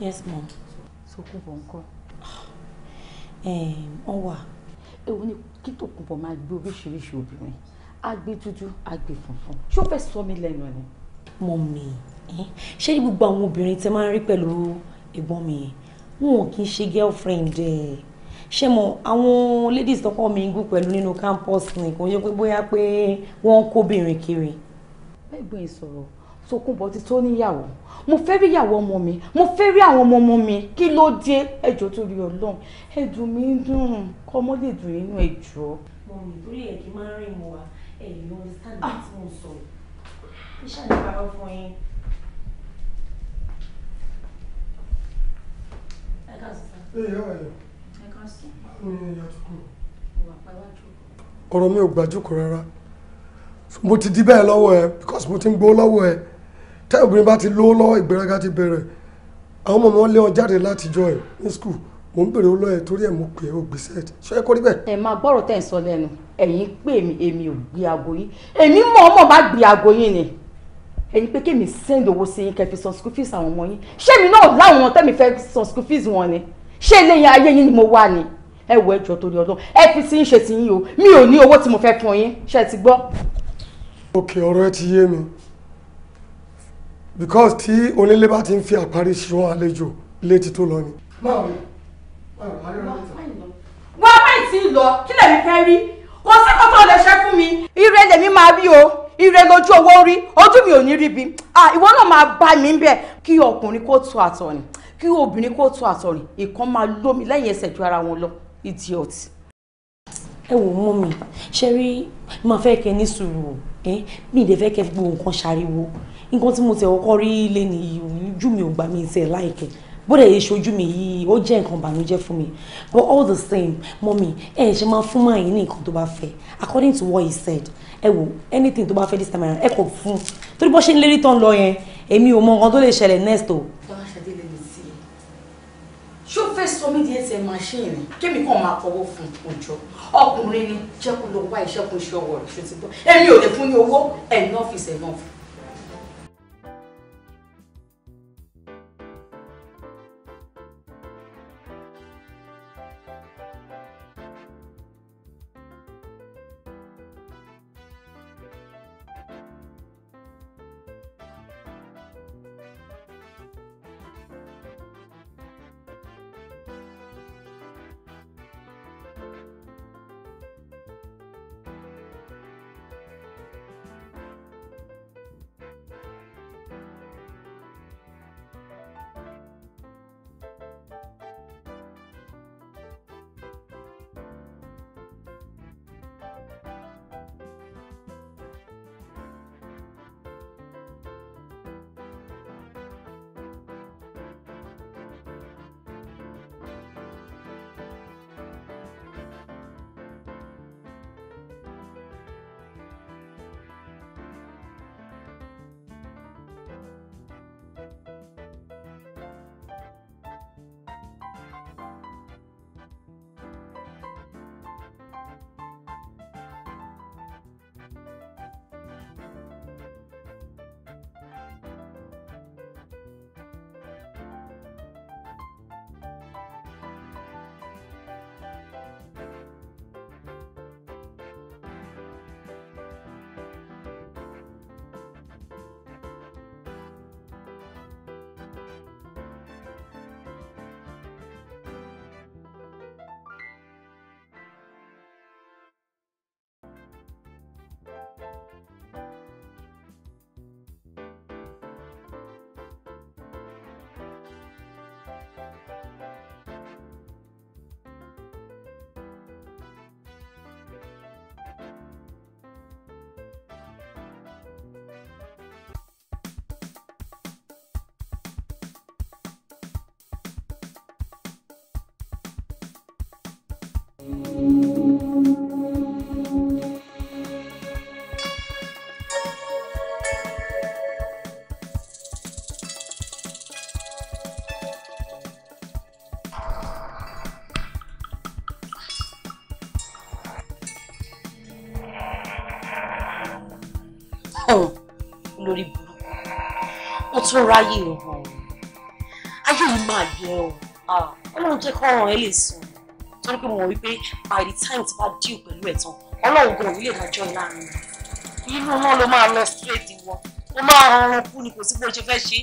yes mom. So Tòkunbọ̀ ńkọ́. Ehm, ọ wà. èwo ni kí Tòkunbọ̀ máa gbé oríṣiríṣi obìnrin á gbé dúdú á gbé funfun ṣé ó fẹ́ sọ mí lẹ́nu ni. mummy eh? ṣé ní gbogbo àwọn obìnrin tẹ máa ń rí pẹ̀lú ẹ̀gbọ́n mi wọn ò kí ń ṣe girlfriend eh? ṣé mo our ladies call tọkọ mi ń gùn pẹ̀lú nínú campus ni kò yẹ pé bóyá pé wọ́n ń kóbìnrin kiri. bẹ́ẹ̀ gbọ́n ìsọ̀rọ̀ Sokúnbọ̀ ti tó níyàwó mo fẹ́ rí ìyàwó ọmọ mi mo fẹ́ rí àwọn ọmọ ọmọ mi kí ló dé ẹjọ́ tó rí ọlọ́run ẹ̀dùn mi ń dùn kọ́ ọmọ lè dùn nínú ẹjọ́. mo rìn lórí ẹ̀ kí n máa rìn mọ́ wa ẹ̀yìn ló ń sáàdì tí mo sọ kí ṣàdìparọ́ fún yín. ẹ ká sọ. ẹ yọ ẹ yọ. ẹ ká sọ. báwo ni ìyá tó kù. ìwà pàwájú. ọ̀rọ̀ mi ò gbàjú kù rárá mo ti di bẹ́ẹ̀ lọ́wọ́ ẹ because mo ti ń gbó lọ́wọ́ ẹ tẹ́ obìnrin bá ti lówó lọ́wọ́ ìgbéraga ti bẹ̀rẹ̀ àwọn ọmọ wọn lé wọn jáde látijọ́ ẹ̀ ní skul mo ń bèrè olóyè torí ẹ̀ mo pè é o gbèsè ẹ̀ ṣe é kórí bẹ́ẹ̀. ẹ máa gbọ́rọ̀ tẹ̀ ń sọ lẹ́nu ẹ̀yin pé èmi èmi ò gbé aago yín èmi mọ̀ ọmọ bá gbé aago yín ni ẹ̀yin pé kémi send owó sí yín kẹfì san school fees àwọn ọmọ yín ṣé èmi náà láwọn ọmọ tẹ́mi fẹ́ san school fees wọn ni ṣé eléyìí ayé yín ni mo wà ni ẹ wọ ẹjọ́ torí Ọlọ́run ẹ fi sí yín ṣe ti yín o mi ò ní owó tí mo fẹ́ fún yín ṣe because tí onílé bá ti ń fi àparí ṣan àlejò létí tó lọ ni. wá máì tí ì lọ kí lèmi fẹ́ rí kò sí kó tó lè ṣe fún mi. ire lèmi máa rí o ire lójú owó rí ojú mi ò ní rí bi ìwọ náà máa bá mi bẹ kí ọkùnrin kó tu àtọ̀ ni kí obìnrin kó tu àtọ̀ ni ìkan máa lómi lẹ́yìn ẹsẹ̀ ju ara wọn lọ idiot. ẹ wò mú mi ṣe rí máa fẹ́ kẹ́ ní sùúrù mi ì dẹ̀ fẹ́ kẹ́ fi gbogbo nǹkan ṣàríwo nǹkan tí mo tẹ̀ ọkọ rí lé ní ojú mi ò gbà mí tẹ̀ láìkẹ́ bóde ìṣojú mi yìí ó jẹ́ nǹkan ìbànújẹ́ fún mi but all the same mọ́mi ẹ ṣe máa fún máa yín ní nǹkan tó bá fẹ́ according to what he said ẹ wò anything tó bá fẹ́ this time around ẹ kò fún torí bó ṣe ń lérí tán lọ yẹn èmi ò mọ nǹkan tó lè ṣẹlẹ̀ next o. ṣó fẹ́ sọ mí di ẹsẹ̀ machine rẹ̀ kémi kàn máa fọwọ́ fún òjò ọkùnrin ni jẹ́ kó lọ wá iṣẹ́ kó ṣe ọwọ́ rẹ̀ ṣó ti gbọ́ èmi ò lè fún ní owó ẹ̀ ní ọ́fíìsì ẹ̀ náà fún tún ráyè hàn ayé yìí máa yẹ o ọlọ́run jẹ́ kọ́ ọ̀ràn ẹ lè sùn torí pé mo mọ̀ wípé by the time tí bá díù pẹ̀lú ẹ̀ tán ọlọ́run gan onílé ìdájọ́ ìlànà inú náà ló máa lọ straight wọ ó máa rọrùn kú ni kò sí bó ṣe fẹ́ ṣe.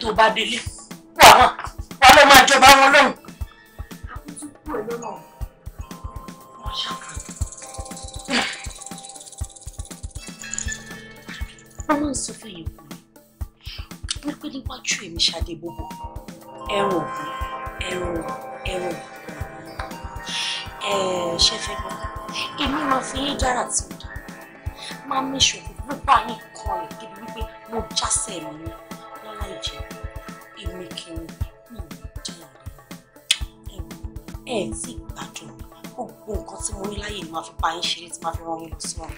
tó bá délé not wrong in this one.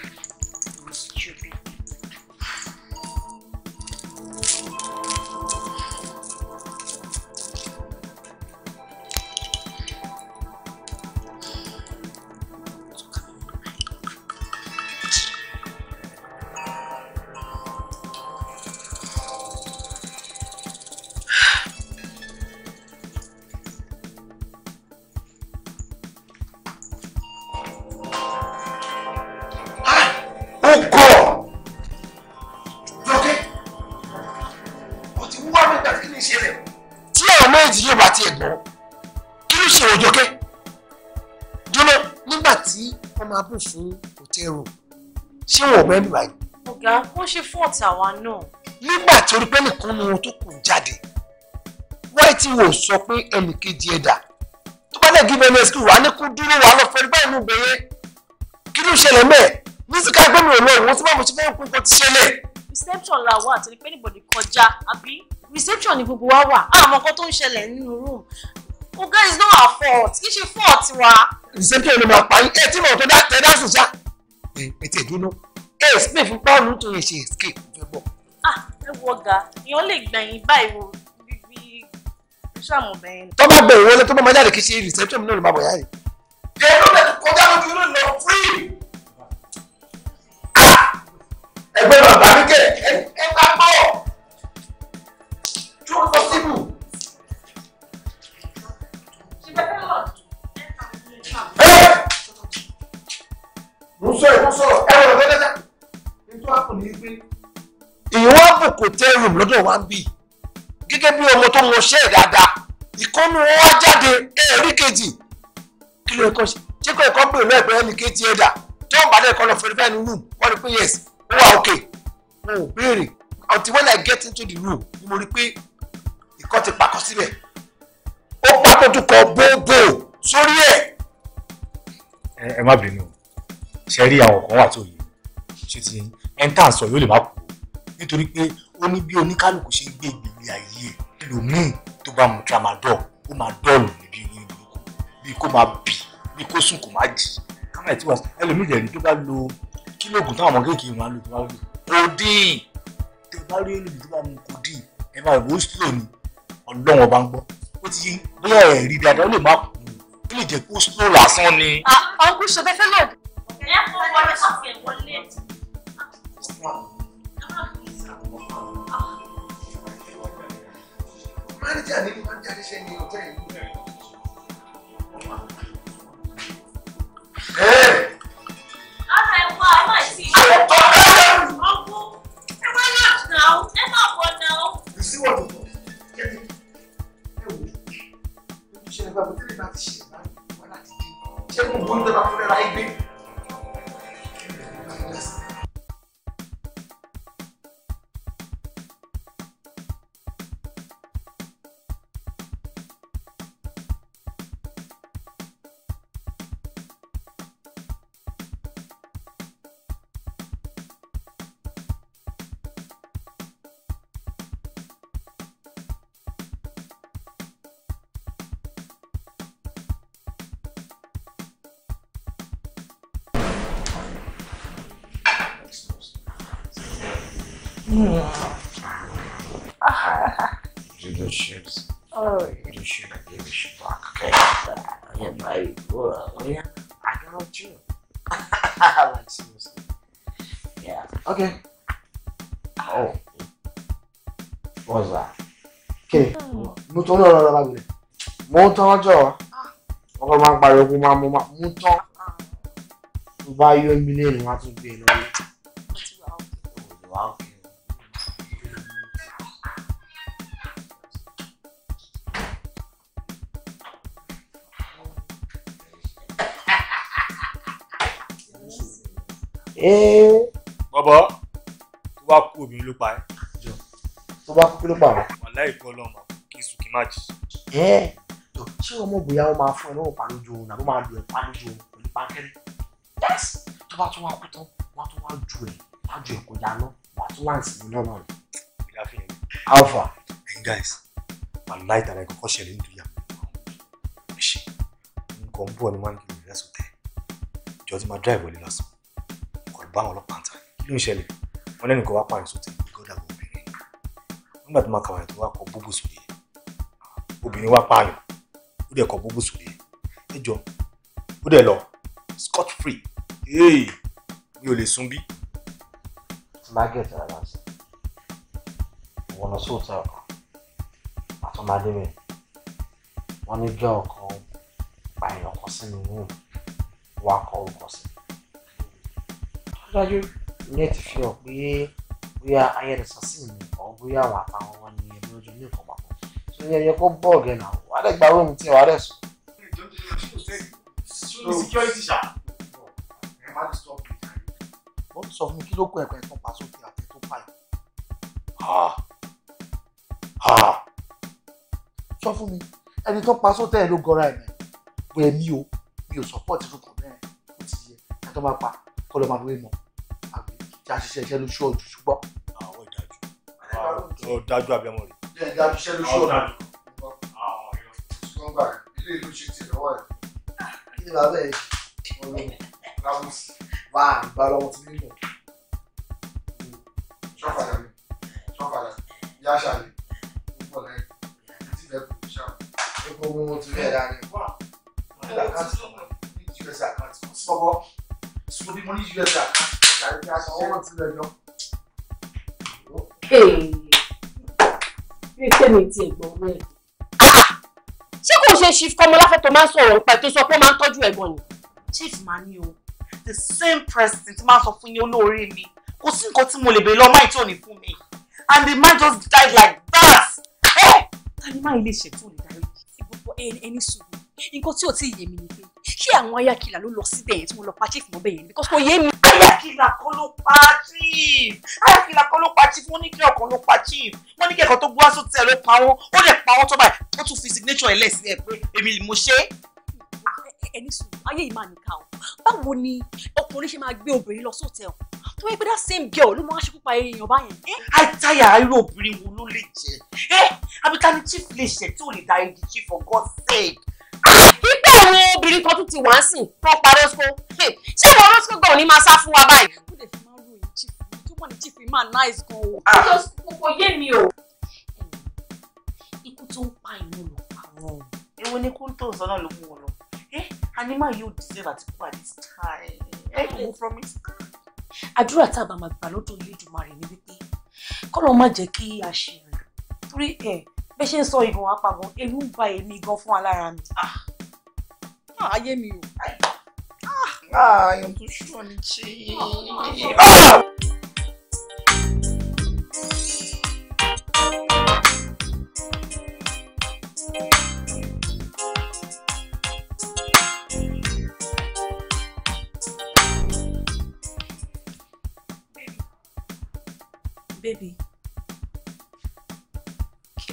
pè fún òtẹ́rù ṣé wọn ò mẹ́rin báyìí. ọ̀gá wọ́n ṣe fún ọ̀tá wa náà. nígbà tí orí pẹ́ẹ́nìkan ni ohun tó kù jáde wáyé tí wò sọ pé ẹnì kejì ẹ̀dà tó bá dẹ̀ gíbẹ̀ ẹ̀mẹ́sì wà ní kú dúró wà lọ fẹ́ẹ́ báyìí nù bẹ̀rẹ̀ kí ló ṣẹlẹ̀ mẹ́ẹ̀ ní síkà gbẹ́mí ò lọ ìwọ́n tí bá mo ṣe fẹ́ kú kó ti ṣẹlẹ̀. reception la wà àti pé níbo ni kọjá àbí reception ni gbogbo wa wà àmọ́ nǹkan tó ń ṣẹlẹ̀ room ọ̀gá is not our fault kì í ṣe fault wa ìṣèké ló máa parí ẹ tí mo tó dá tẹ dá sùn sá ẹ ẹ tẹ dúró ẹ escape fún paul nítorí ṣe escape fẹ́ bọ̀. ah ẹ wọ ọgá èèyàn lè gbẹ̀yìn báyìí wo bíbí sàmùbẹ̀yìn. tó bá gbẹ̀yìn wọlé tó bá máa jáde kí ṣe reception mi náà ló máa bọ̀ yára yẹn ló lè kọjá lójú ló lọ fúrì. Ah! ẹgbẹ́ bàbá mi kẹ́ ẹ ẹ bá bọ̀ tó possible. sọ èkó sọ̀rọ̀ ẹ̀rọ ẹ̀rọ dẹ́dẹ́dẹ́. ètò àpò ní pé. ìwọ́n àbùkù tẹ́rùm lọ́dọ̀ wa ń bì gẹ́gẹ́ bí ọmọ tó mọ ṣẹ́ dáadáa ìkọ́nù wọn wá jáde ẹ̀rí kejì kí ló ẹ̀kọ́ ṣe ṣé kò ẹ̀kọ́ pè mẹ́ẹ̀pẹ́ ẹnì kejì ẹ̀dà tó ń bàdé ẹ̀kọ́ lọ fẹ́rẹ́ fẹ́ẹ́ ní room wọ́n rí pé yes ó wà okay mo ò béèrè until when I get into the room ni mo rí pé ìkọ́ ti pakọ́ síbẹ̀ ó pákó tó kọ bóbó sórí ẹ̀. ẹ má bínú ṣe rí àwọn kan wà tí ò yẹ ṣe ti ẹ̀ ń tà sọ yóò lè má kú nítorí pé ó ní bí oníkálukú ṣe ń gbé ìgbèrè ayé ẹ̀ lòmíì tó bá mu tramadol ó máa dọ́ọ̀lù níbi ìrìn burúkú bíi kó máa bì bíi kó sùn kó má jì kámá ẹ̀ tí wà ẹlòmíì rẹ̀ ní tó bá lo kílógùn táwọn ọmọ kéékèèké wọn á lò tó bá lò codeine tó bá rí ẹlòmíì tó bá mu codeine ẹ máa rò ó slow ni ọlọ́wọ́n bá ń gbọ́ ó ti bóyá ẹ̀rí dáadáa ó lè má kú ó lè jẹ́ kó slow lásán ni. ọ̀nkú ah, ṣọbẹ́fẹ́ lọ́ọ̀dù Máníjà ní you should have given a fuck, okay? I yeah, can help you. like, seriously. Yeah, okay. Oh. What's that? Okay, mo tán lọ́rọ̀ lọ́la gbèrè. Mo tán ọjọ́ ọkọ̀ máa ń pariwo kó máa mú tán. Tó bá yọ mí lẹ́nu wá tún gbé e lọ́wọ́. Eh. bọ́bọ́ tó bá kú obìnrin ló pa ẹ́ jọ. tó bá kú kí ló pa rẹ̀. wàhálà ìkọ́ ọlọ́mọ kí sùn kí má jì. jọ ṣé ọmọ bóyá ó máa fún ẹ lọ́wọ́ pa lójú oorun àbí ó máa lù ẹ́ pa lójú oorun pẹ̀lú pákẹ́rẹ́. yẹ́sì tó bá tún wá kú tán wọ́n tún wá ju ẹ̀ wá ju ẹ̀ kọjá lọ wà tún wá ìsìn náà náà rẹ̀. alpha and guys wàhálà ìtàlá ìkọ̀kọ̀ ṣẹlẹ̀ nítorí àwọn nǹkan bọ̀ ni wọ́n á ń gbìyànjú ẹ̀sùn tẹ̀ jọ ti máa drive wọlé lásán báwọn ọlọ́pàá ń ta kí ló ń ṣẹlẹ̀ wọn lẹ́nu kó wá pààyàn sóde gọ́dà bó obìnrin nígbà tó máa kàwáyà tó wá kọ búbù sóde obìnrin wá pààyàn ó dẹ̀ kọ búbù sóde ẹ jọ ó dẹ̀ lọ scot free ee mi ò lè sun bí. margaret alansi wọn lọ sóòtà ọkàn àtọmọdé mi wọn ní gẹ́ọ̀ kan pààyàn kan sínú rúùmù wọn akọ orúkọ sí dájú ìyẹn ti fi hàn pé bóyá ayẹnisọ́sìn ni ọ̀ bóyá àwọn àtàwọn wọn ni ẹgbẹ́ ojú ní nǹkan papọ̀ tó yẹ yẹ kó bọ̀ ọ̀gẹ̀ náà wà á dẹ̀ gba róòmù tí wàá dẹ̀ sùn. ó sọ fún mi kí ló kó ẹ̀kọ́ ẹ̀kọ́ pa sókè àti tó pààyàn. sọ fún mi ẹni tó pa sókè ẹ̀ ló gọra ẹ̀mẹ̀ pé mi ò mi ò sọ́pọ̀tì fún kàn bẹ́ẹ̀ ó ti yẹ ẹ̀ tó bá pa kó lọ́ọ́ máa lóye mọ́ já ṣiṣẹ́ iṣẹ́ ló ṣó ojú àwọn ìdájú àwọn ìdájú abẹ́mọ̀ rẹ̀. ilé ìdájú iṣẹ́ ló ṣó ojú ṣùgbọ́n ilé ìlú ṣe ti lọ́wọ́ ẹ̀. kí ni bàbá ẹ̀ ọ̀rọ̀ ramus wà á gba lọ́wọ́ tí nínú. ṣọ́fàdà mi yá ṣàlẹ̀ púpọ̀ lẹ́yìn àti bẹ́ẹ̀ kò ṣáà. epo mú mo ti rí ẹ̀dá rẹ̀. àkáǹtì ní us àkáǹtì sọ́wọ́ sọ́wọ́ ní us àkáǹtì àti àtàwọn ọmọ tilẹ̀ jọ. bí tèmi ti ẹ̀gbọ́n ṣé kò ṣe chief kọ́mọláfẹ́ tó máa ń sọ̀rọ̀ nípa ẹ̀ tó sọ pé ó máa ń tọ́jú ẹ̀gbọ́n ni. chief máa ní o the same president, ti máa sọ fún yín olóore mi kò sí nǹkan tí mo lè béèrè lọ́mọ ìtò ní fún mi and the man just died like that. Eh! ta ni máa ilé ìṣètò ìdarí ìgbòho ẹni sùúrù nǹkan tí ò tí ì yé mi ni pé ṣé àwọn ayakìlà ló lọ síbẹ̀ yẹn tí mo lọ pa chief mọ́bẹ̀ yẹn because kò yé mi. ayakìlà kan ló pa chief ayakìlà kan ló pa chief wọ́n ní kí ọ̀kan ló pa chief wọ́n ní kí ẹ̀kan tó gbọ́ aṣọ tẹ̀ ló pa wọ́n ó lè pa wọ́n tó báyìí wọ́n tún fi signature ẹ̀ lẹ́sìn ẹ̀ pé èmi mo ṣe é ah, ẹni sùn ayé yìí máa nìka o báwo ni ọkùnrin ṣe máa gbé obìnrin lọ sóòtẹ o tó yẹ pé that same girl ló máa ṣekú pa èèyàn báyẹn. àìtáyà eh, irú obìnrin wo ló lè jẹ abikani eh, chief lè ṣe tí ò lè darí di chief for God's sake àbígbẹ̀ àwọn obìnrin kan tún ti wá sí wọn pa rosco ṣé àwọn rosco gan ni máa sá fún wa báyìí. ó lè fi máa ro èyí chief tó wà ní chief yìí máa nice gan o. àjọ kò yé mi o. ikú tó ń pa ìlú lọ pa wọn o. èwo ni kó ń tó ìsọ́nà ló mú wọn lọ. Eh, animal yóò deserve àti kú at this time. ẹ kò mú from àdúrà tá a bá máa gbà lọ́dọ̀ Olódùmarè ni wípé kọ́lọ́ má jẹ́ kí a ṣe rẹ̀ torí ẹ̀ eh, ẹ ṣe ń sọ ìgàn wá pàgọ́ ewu ń ba èmi gan fún alára mi. Ah. Ah, ayé mi o. ààyàn ah, tó ṣùọ ni ṣe. Baby. Baby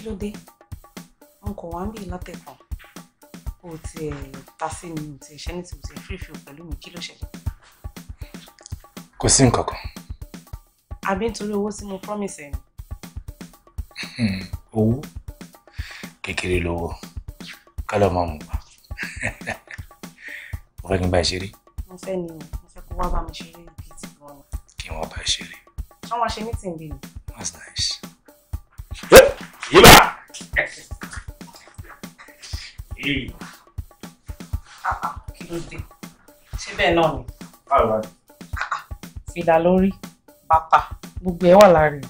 ló dé wọn kò wá ń bì látẹ̀kàn kò tiẹ̀ ta sí mi ò tiẹ̀ ṣẹ́ ní ti ò tiẹ̀ fífi pẹ̀lú mi kí ló ṣẹlẹ̀. kò sí nǹkan kan. àbí nítorí owó tí mo promise ẹ ni. Hmm, owó kékeré lówó kálọ̀ máa mú wa mo fẹ́ kí n bá ẹ ṣeré. mo fẹ́ ni mo fẹ́ kó wá bá mi ṣeré bíi ti wọn. kí wọ́n bá ẹ ṣeré. ṣé wọ́n ṣe mítìǹdì ni. ìbéèrè. Ah, ah, kí ló dé ṣé bẹ́ẹ̀ náà ni. báwo ni. Ah, fìlà lórí bàtà gbogbo ẹ̀ wà lára rẹ̀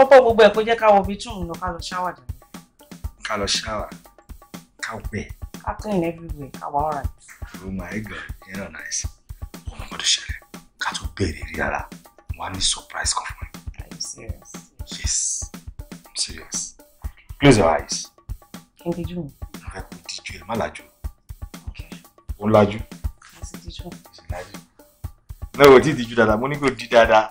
ọ̀pọ̀ gbogbo ẹ̀ kó jẹ́ ká wọ bí túmù lọ ká lọ ṣáwà dà. ká lọ ṣáwà ká wẹ̀. ká clean everywhere ká wà ọ̀rà. oh my god you know nice ọmọ oh gbọ́dọ̀ ṣẹlẹ̀ ká tó bẹ̀rẹ̀ rí ara wà ní surprise kan fún mi. are you serious. yes i'm serious close your eyes. kí n dijú mi má lajú ó ń lajú. àti díjú. náà ò tí ì díjú dáadáa mo ní kò dí dáadáa.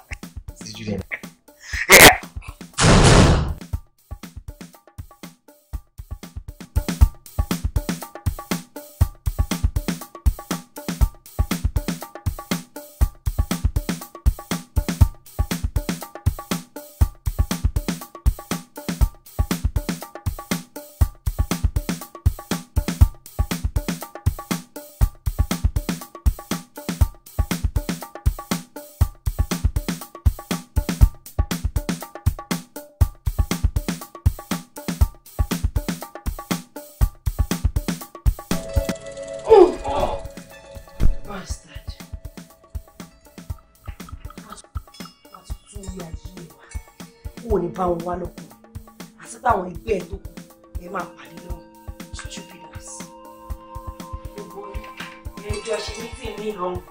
bá wọn wá lọ́kùn àti táwọn ẹgbẹ́ ẹ̀ tó kù ẹ máa pàdé lọ́wọ́ stupid gbogbo ẹjọ́ ṣe mí tì ní ìlọrin.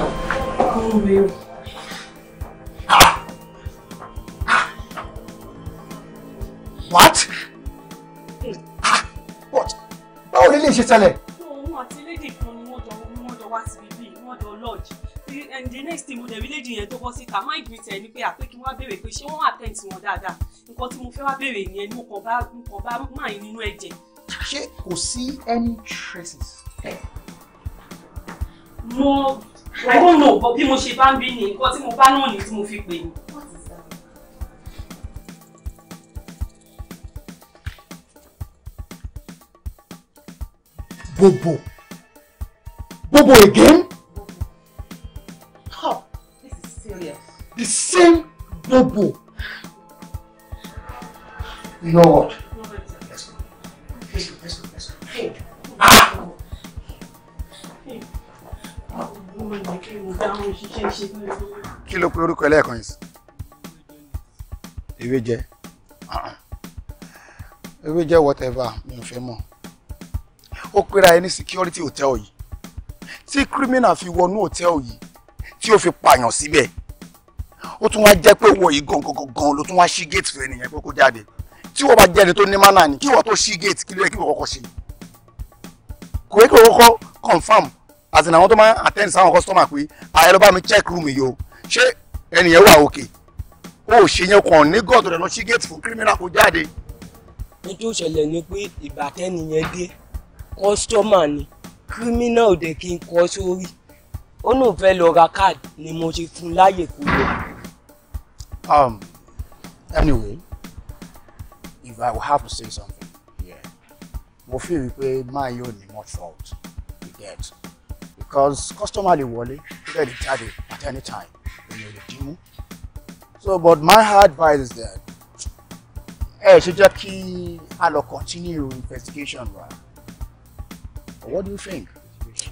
Ọ̀run mi o. What? What? Báwo lè lè ṣe tẹ́lẹ̀? Òun àti lédì kan ni wọ́n jọ wọ́n jọ wá síbi bíi wọ́n jọ lọ́ọ̀jì. And the next thing mo dẹ̀ rí lédì yẹn tó bọ́ síta, má ìgbìn tẹ̀ ni pé àpé kí wọ́n á béèrè pé ṣé wọ́n attend sí wọn dáadáa. Nǹkan tí mo fẹ́ wá béèrè nìyẹn ni mo kàn bá mo kàn bá máa nínú ẹ̀jẹ̀. Ṣé kò sí any traces? No I don't know but bí mo ṣe bá ń bí ni nǹkan tí mo bá náà ní tí mo fi pè ní. Bobo Bobo again? Bobo. Oh, this is serious. The same Bobo. Lord. pé orúkọ ẹlẹ́ẹ̀kan yìí sí. ewé jẹ ewé jẹ whatever mi ò fẹ́ mọ̀ ó pera ẹ ní security hotel yìí tí criminal fi wọnú hotel yìí tí ó fi pààyàn síbẹ̀ ó tún wá jẹ́ pé wọ yìí gangan gangan ló tún wá ṣí gate fún ẹnìyẹn pé kó jáde tí wọ́n bá jẹ́ni tó ní mánà ni kí wọ́n tó ṣí gate kí ló yẹ kí wọ́n kọ́kọ́ ṣe kò yẹ kí wọ́n kọ́kọ́ confam àti àwọn tó máa ń attend sáwọn customer pé ààyè ló bá mi check room yìí o ẹnìyẹn wà òkè ó ṣe yẹn kàn ní gọ́ọ̀dù rẹ̀ lọ sí géètì fún kírímìnà kó jáde. ní tí ṣẹlẹ̀ ni pé ìgbà tẹ́nìyẹn dé kọ́sítọ́mà ni kírímìnà ò kí n kọ́ sórí ó nù fẹ́ lọ ra káàdì ni mo ṣe fún láàyè kó lọ. um anyway if i will have to say something yeah mo fi rí i pé máa yóò ní much fault you get because customer lè wọlé kí lè jáde at any time èèyàn lè so but my advice is that ẹ ṣe jẹ́ kí a lọ continue investigation wa what do you think.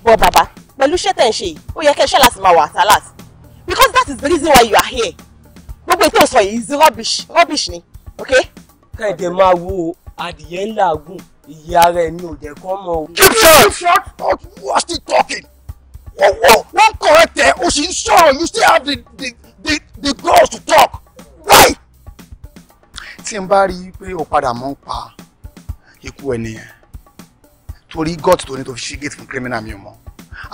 bọ bàbá pẹ̀lú iṣẹ́ tẹ̀ she, oh, you can share kẹ́ my láti máa because that is the reason why you are here gbogbo ètò ìsọ yìí is rubbish rubbish ni okay? kẹ̀dẹ̀ máa wo adìyẹ ńlá gùn ìyá rẹ̀ ni ò dẹ̀ kọ́ mọ́ o. keep short short you are still talking wọ́n correct ẹ̀ o sì ń sọ̀rọ̀ you still have the the the the girls to talk why. tí n bá rí i pé o padà mọ́ ń pa ikú ẹ nìyẹn torí gọ́ọ̀tì tó ní tó fi ṣí gate fún criminal mi ò mọ̀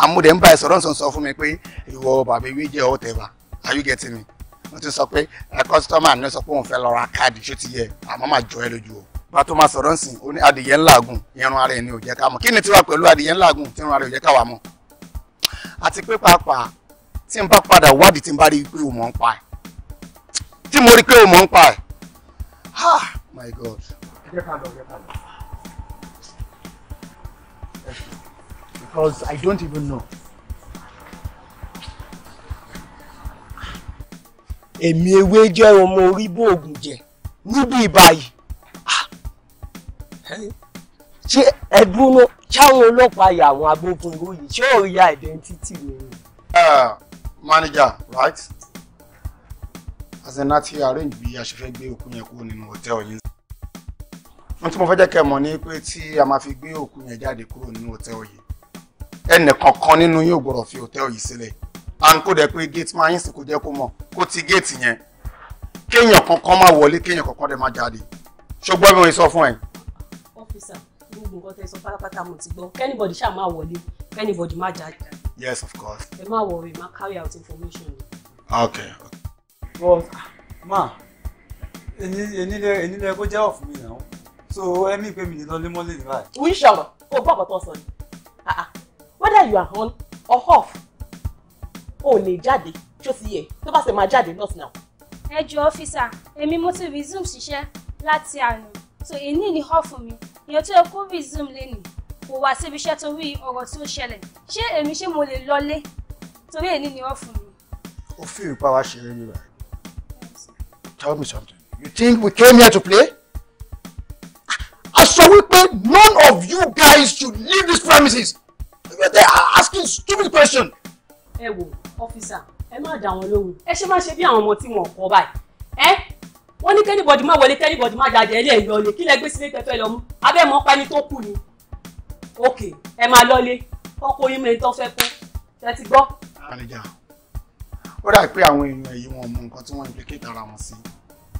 àmúdẹ̀ ń bá ẹ sọ̀rọ̀ sọ̀rọ̀ sọ fún mi pé ìwọ bàbá ìwé jẹ́ ọ̀ tẹ̀wà are you getting me wọ́n ti sọ pé kọ́sítọ́mà ni ó sọ pé òun fẹ́ lọ ra káàdì tó ti yẹ àmọ́ máa jọ ẹ lójú o bá tó máa sọ̀rọ̀ sìn ó ní adìyẹ ńláàgùn ara ẹ̀ ni ò mọ̀ kí ni tiwa pẹ̀lú adìyẹ ńláàgùn tí irun ara ẹ̀ ò wà mọ̀ àti pé pàápàá tí n bá padà wádìí tí n bá rí pé o mọ̀ ń pa ẹ̀ tí mo rí pé o mọ̀ ń pa ẹ̀ ha my god. because I don't even know. èmi ewé jẹ́ ọmọ orí bóògùn jẹ níbi ìbáyìí ṣé ẹ̀dúnú ṣáwọn ọlọ́pàá yà àwọn agbófinró yìí ṣé ò rí identity mi. Ah, manager right azena ti arrange bí a ṣe fẹ́ gbé òkú yẹn kúrò nínú hòtẹ́ẹ̀lì yìí. ohun tí mo fẹ́ jẹ́ kẹ́ mọ̀ ni pé tí a máa fi gbé òkú yẹn jáde kúrò nínú hòtẹ́ẹ̀lì yìí ẹnì kankan nínú yóò gbọ́dọ̀ fi hotel. yìí sílẹ̀ and kó dẹ̀ pé gate máa yín sì kó jẹ́ kó mọ̀ kó ti gate yẹn kéèyàn kankan máa wọlé kéèyàn kankan dẹ̀ máa jáde ṣùgbọ́n mi ò sọ fún ẹ. officer gbogbo nǹkan tẹ́ pátápátá mo ti gbọ́ kẹ́nìbọ̀dì ṣáà máa wọlé kẹ́nìbọ̀dì má jáde. yes of course. ẹ má worry má carry out information. okay. but ma èyí lè kó jẹ́wọ́ fún mi náà so ẹ ní ìpè mi ní lọ́lé mọ́lẹ̀ ní báyìí. wí sọ̀rọ̀ o gbọ́ ọ̀pọ̀ tó sọ ni ah, ah. whether you are on or off o lè jáde ṣó ti yẹ tó bá ṣe máa jáde not now. ẹ jọ̀ọ́ ọ́fíìsà èmi mo ti resume ṣiṣẹ́ láti àná so èyí ni hàn fún mi èèyàn tó yẹ kó resume lẹ́nu kò wá síbi iṣẹ́ torí ọ̀rọ̀ tó ṣẹlẹ̀ ṣé èmi ṣé mo lè lọlé torí èyí ni wọ́n fún mi. o fi ìpá wa ṣeré mi rà tell me something you think we came here to play? a sọ wípé none of you guys should leave this premises You are asking stupid questions. ẹ wo ọfíìsà ẹ má dá wọn lóhùn ẹ ṣe má ṣe bí àwọn ọmọ tí wọn kọ báyìí wọ́n ní kẹ́nìbọ̀dì má wọlé kẹ́nìbọ̀dì má jáde ẹ̀rí ẹ̀yọ́ lè kí lẹ gbé sílé tẹ́fẹ́ lọ mú abẹ́ mọ́ pani tó kù ni òkè ẹ máa lọ́lé kọ́kọ́ yín mẹ́rin tó fẹ́ kó ṣe ti gbọ́. àlejà ó dà pé àwọn èèyàn èyí wọn mọ nǹkan tí wọ́n implicate ara wọn sí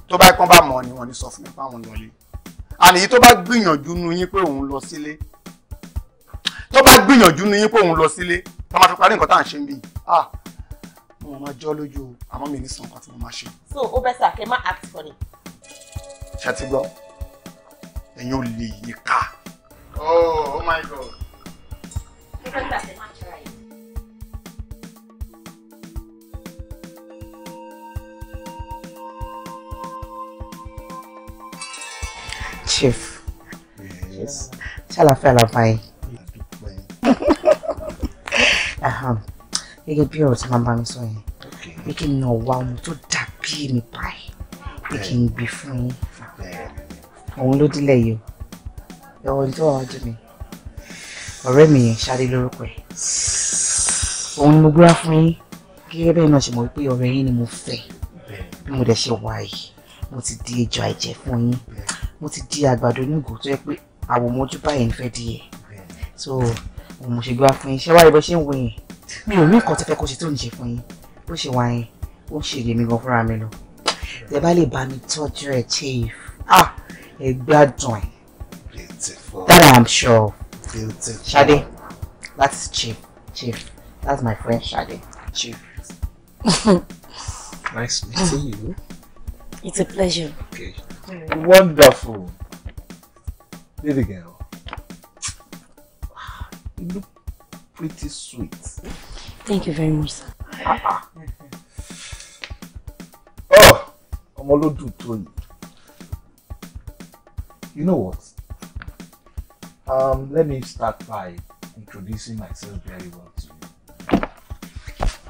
tó bá kán bá mọ̀ ni wọ́n ní sọ fún mi pé àwọn lọ́lé àníyí tó bá gbìyànjú nu yín pé òun lọ sílé tó bá gbìyànjú nu yín pé òun lọ sílé tó máa fi parí nǹkan tá à ń ṣe ń bì ah, mo máa jọ́ lójú àmọ́ mi ní san nǹkan tí mo máa ṣe. so ó bẹ́ sà kẹ́ má act for it. ṣe ti gbọ́ ẹ̀yin ò lè yí ká. oh oh my god. Chief. Yes. Shall I la bá yín? gẹ́gẹ́ bí ọ̀rọ̀ tí màá bá mi sọ yẹn pé kí n nà wá ọmọ tó dàbí èmi báyìí pé kí n gbé fún yín òun ló dílé yìí o ẹwọ ní tó wà wájú mi ọ̀rẹ́ mi yẹn Ṣadé lórúkọ ẹ̀ òun ni mo gbéra fún yín gẹ́gẹ́ bẹ́ẹ̀ náà ṣe mọ̀ wípé ọ̀rẹ́ yín ni mo fẹ́ bí mo dẹ̀ ṣe wà yìí mo ti di ejò àìjẹ fún yín mo ti di àgbàdo nígò tó yẹ pé àwòmọ́jú báyìí ń fẹ́ di yẹ so mo ṣe gbéra fún yín ṣé bó ṣe ń wò yẹn mi ò ní nǹkan tí fẹ́ kó ṣe tó ń ṣe fún yín bó ṣe wà yẹn ó ṣe lèmi gan fúnra mi lọ tẹ bá lè bá mi tọ́jú ẹ chief ah ẹ gbádùn ẹ that I am sure Ṣadé that's chief chief that's my friend Ṣadé chief nice meeting you. It's a pleasure. Okay. Mm. Wonderful. Baby girl. You look pretty sweet. Thank you very much, sir. Ah, ah. oh, ọmọ ló tó You know what? Um, let me start by introducing myself very well to you.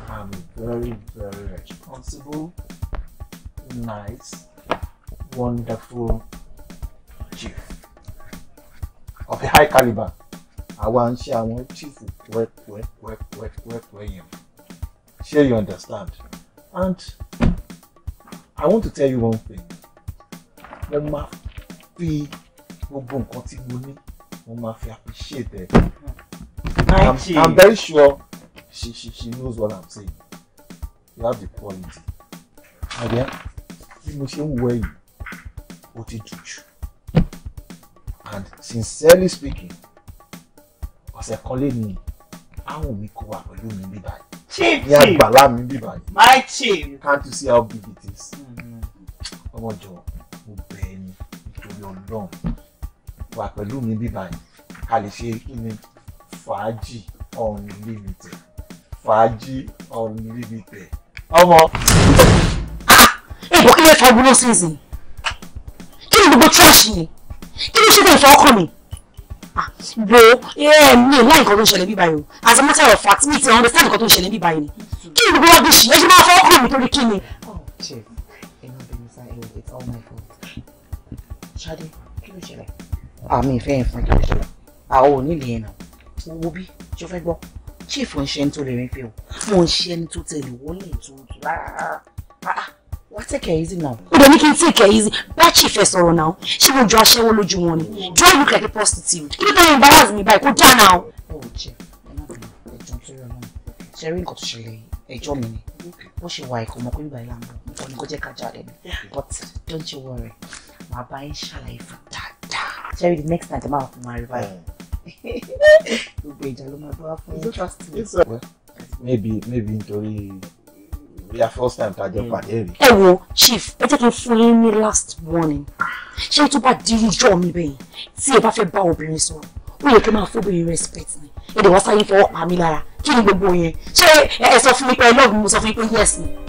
I'm very, very responsible, nice, wonderful chief of a high caliber. àwa ń ṣe àwọn chief wẹ́pẹ́wẹ́pẹ́wẹ́pẹ́ yẹn ṣé you understand and I want to tell you one thing mo máa fi gbogbo nǹkan tí mo ní mo máa fi appreciate ẹ I'm, I'm very sure she, she, she knows what I'm saying you have the quality àdéhà bí mo ṣe ń wọ ẹ̀yìn ó ti dùn jù and sincerely speaking ọ̀sẹ̀ kan lé ní àwọn òbí kò wà pẹ̀lú mi bíbá yìí. chief ní àgbàlá mi bíbá yìí. my chief. can't you see how big it is. Mm-hmm. ọmọ jọ mo bẹ ẹ ní nítorí Ọlọ́run wà pẹ̀lú mi bíbá yìí a lè ṣe kí ni fàájì unlimited fàájì unlimited ọmọ. ìbò ah! kí ló sọ ìbúlọ sí ìsìn kí ni gbogbo tíráṣì yẹn kí ló ṣe bẹ́ẹ̀ fọ́ ọkọ mi. Bro, ẹ mi ò láì nǹkan tó ń ṣẹlẹ̀ bíbáyìí o as a matter of fact mi ti understand nǹkan tó ń ṣẹlẹ̀ bíbáyìí ni kí ni gbogbo rọ́bì ṣì ẹ ṣe máa fọ́ kúrò mi torí kí ni. Oh, Chief, ẹ má bínú sá my fault. Ṣadé kí ló ṣẹlẹ̀? Àmì ah, ìfẹ́ yẹn fún kí ló ṣẹlẹ̀? Àwọn ah, ò nílé yẹn náà. Wo bí ṣó fẹ́ gbọ́? Chief ń ṣe ẹni tó lè rìn fẹ́ o. Mo ń ṣe ẹni tó tẹ̀lé wọlé ètò rárá wà á take it easy now. ó dẹ̀ ní kí n take it easy bá chief ẹ̀ sọ̀rọ̀ náà ṣé mo jọ aṣẹ́wó lójú wọn ni do I look like a prostitute kí ló dé embarrass mi báyìí kó dá náà. ó jẹ ẹjọ́ tó yọ náà ṣe rí nǹkan tó ṣẹlẹ̀ ẹjọ́ mi ni bó ṣe wà ẹ̀kọ́ ọmọkùnrin báyìí là ń bọ̀ nǹkan ni kò jẹ́ ká jáde ni but don't you worry màá bá yín ṣàlàyé fún dáadáa ṣe the next time tó máa fún máa rí báyìí gbogbo ìjà ló máa bá fún trust maybe maybe nítorí bóyá first time tá mm. pàdé rí. ẹ wo chief ẹ jẹ́ kí n fún yín ní last warning ṣé tó bá di ijó mi bẹ́yìn tí ẹ bá fẹ́ bá obìnrin sọ̀rọ̀ ó yẹ kí n máa fóbìnrin respect ni èdè wọ́n sáyé fọwọ́ pa mí lára kí ni gbogbo yẹn ṣé ẹ sọ fún mi pé ẹ lọ́ọ̀bù mo sọ fún yín pé yes ni.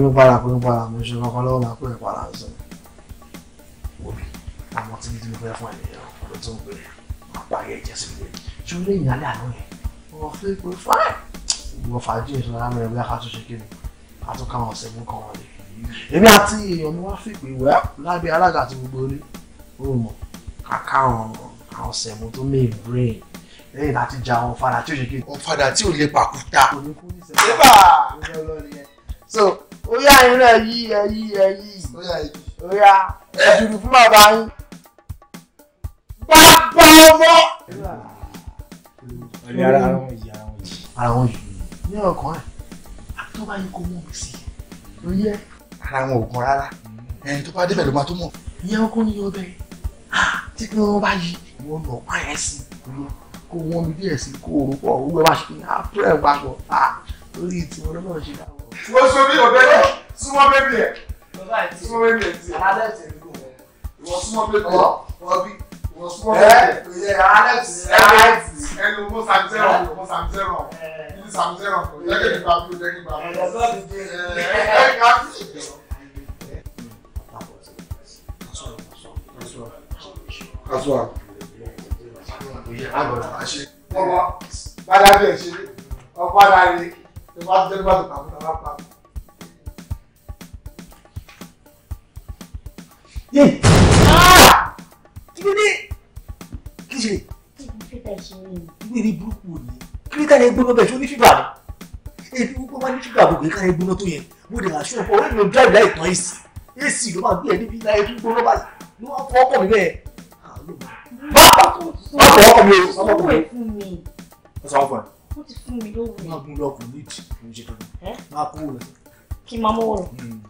mi padà pé ń padà mo ṣe kankan lọ́wọ́ máa pé ń padà sí i wò mí àmọ́ tí mo fẹ́ fún ènìyàn ọ̀dọ̀ tó ń pè é máa bá yẹ jẹ́ sílé ṣùgbọ́n lẹ́yìn alẹ́ àná yẹn wọ́n fi pé fáì ìwọ fàájì ìṣúná lámẹ́ ẹgbẹ́ ká tún ṣe kí ni ká tún káwọn ọ̀sẹ̀ mú kàn wọ́n lé èmi àti èèyàn mi wá fi pé wẹ́ lábẹ́ alága àti gbogbo orí ó mọ̀ ká káwọn ọ̀sẹ̀ mú tó mí brain lẹ́yìn láti ja àwọn ọ̀fadà tí ò ṣe kí ni ọ̀fadà tí ò lè pàkúta. oníkú náà yí ẹyí ẹyí oya ẹdùrù fún bàbá yín bàbá ọmọ. ara wọn yìí ara wọn yìí ní ọkàn ẹ tó bá yẹ kó mọ mi sí ló yẹ ara wọn ò kún rárá ẹni tó bá débẹ̀ ló máa tó mọ̀ ìyẹn kó ní ọbẹ̀ ah, tí kí wọ́n bá yí wọ́n lọ pa ẹ̀ sí kó wọ́n mi díẹ̀ sí kó orúkọ òwúrọ̀ bá ṣe ní àpẹẹrẹ gbàgbọ́ ah, lórí ìtìwọ́n lọ́wọ́ ṣe dáwọ́. wọ́n sọ bí ọ̀bẹ náà sumo bébí ẹ̀ súnmọ́ bébí ẹ̀ tiẹ̀ ìwọ súnmọ́ bébí ẹ̀ ọbí ìwọ súnmọ́ bébí ẹ̀ alex alex ẹnu mo sàmìtẹ́rọ̀ mo sàmìtẹ́rọ̀ ní sàmìtẹ́rọ̀ kò jẹ́ kí n bá bí o jẹ́ kí n bá bí o ẹ̀ ẹ̀ ẹ̀ ká sí ìjọ. Kasuwa. Ọba, padà bí ẹ̀ ṣe, ọba dáre, ìbá tó jẹ́ nígbà tó kàwé náà lápá. yé ah! kíló dé kí ṣe. ìwéèrè burúkú ni kíló ká lè gbóná bẹ́ẹ̀ tó ní fífà ni èdè gbogbo wa ní fífà gbogbo ká lè gbóná tó yẹn mo dẹ̀ àṣọ ọ̀pọ̀ ọ̀rẹ́ mi ò dáìbì láì tán èsì èsì ló máa gbé ẹ níbi láyé tó gbóná báyìí ló máa fọ ọkọ mi bẹ́ẹ̀. bá a bá a fọ ọkọ mi o ọmọ ọkọ mi. ó sọ fún ẹ. ó ti fún mi lówó. máa gún lọkùnrin nídìí ló ń ṣe kankan máa kó wò lọ. kí n máa mọ̀ wọ̀ hmm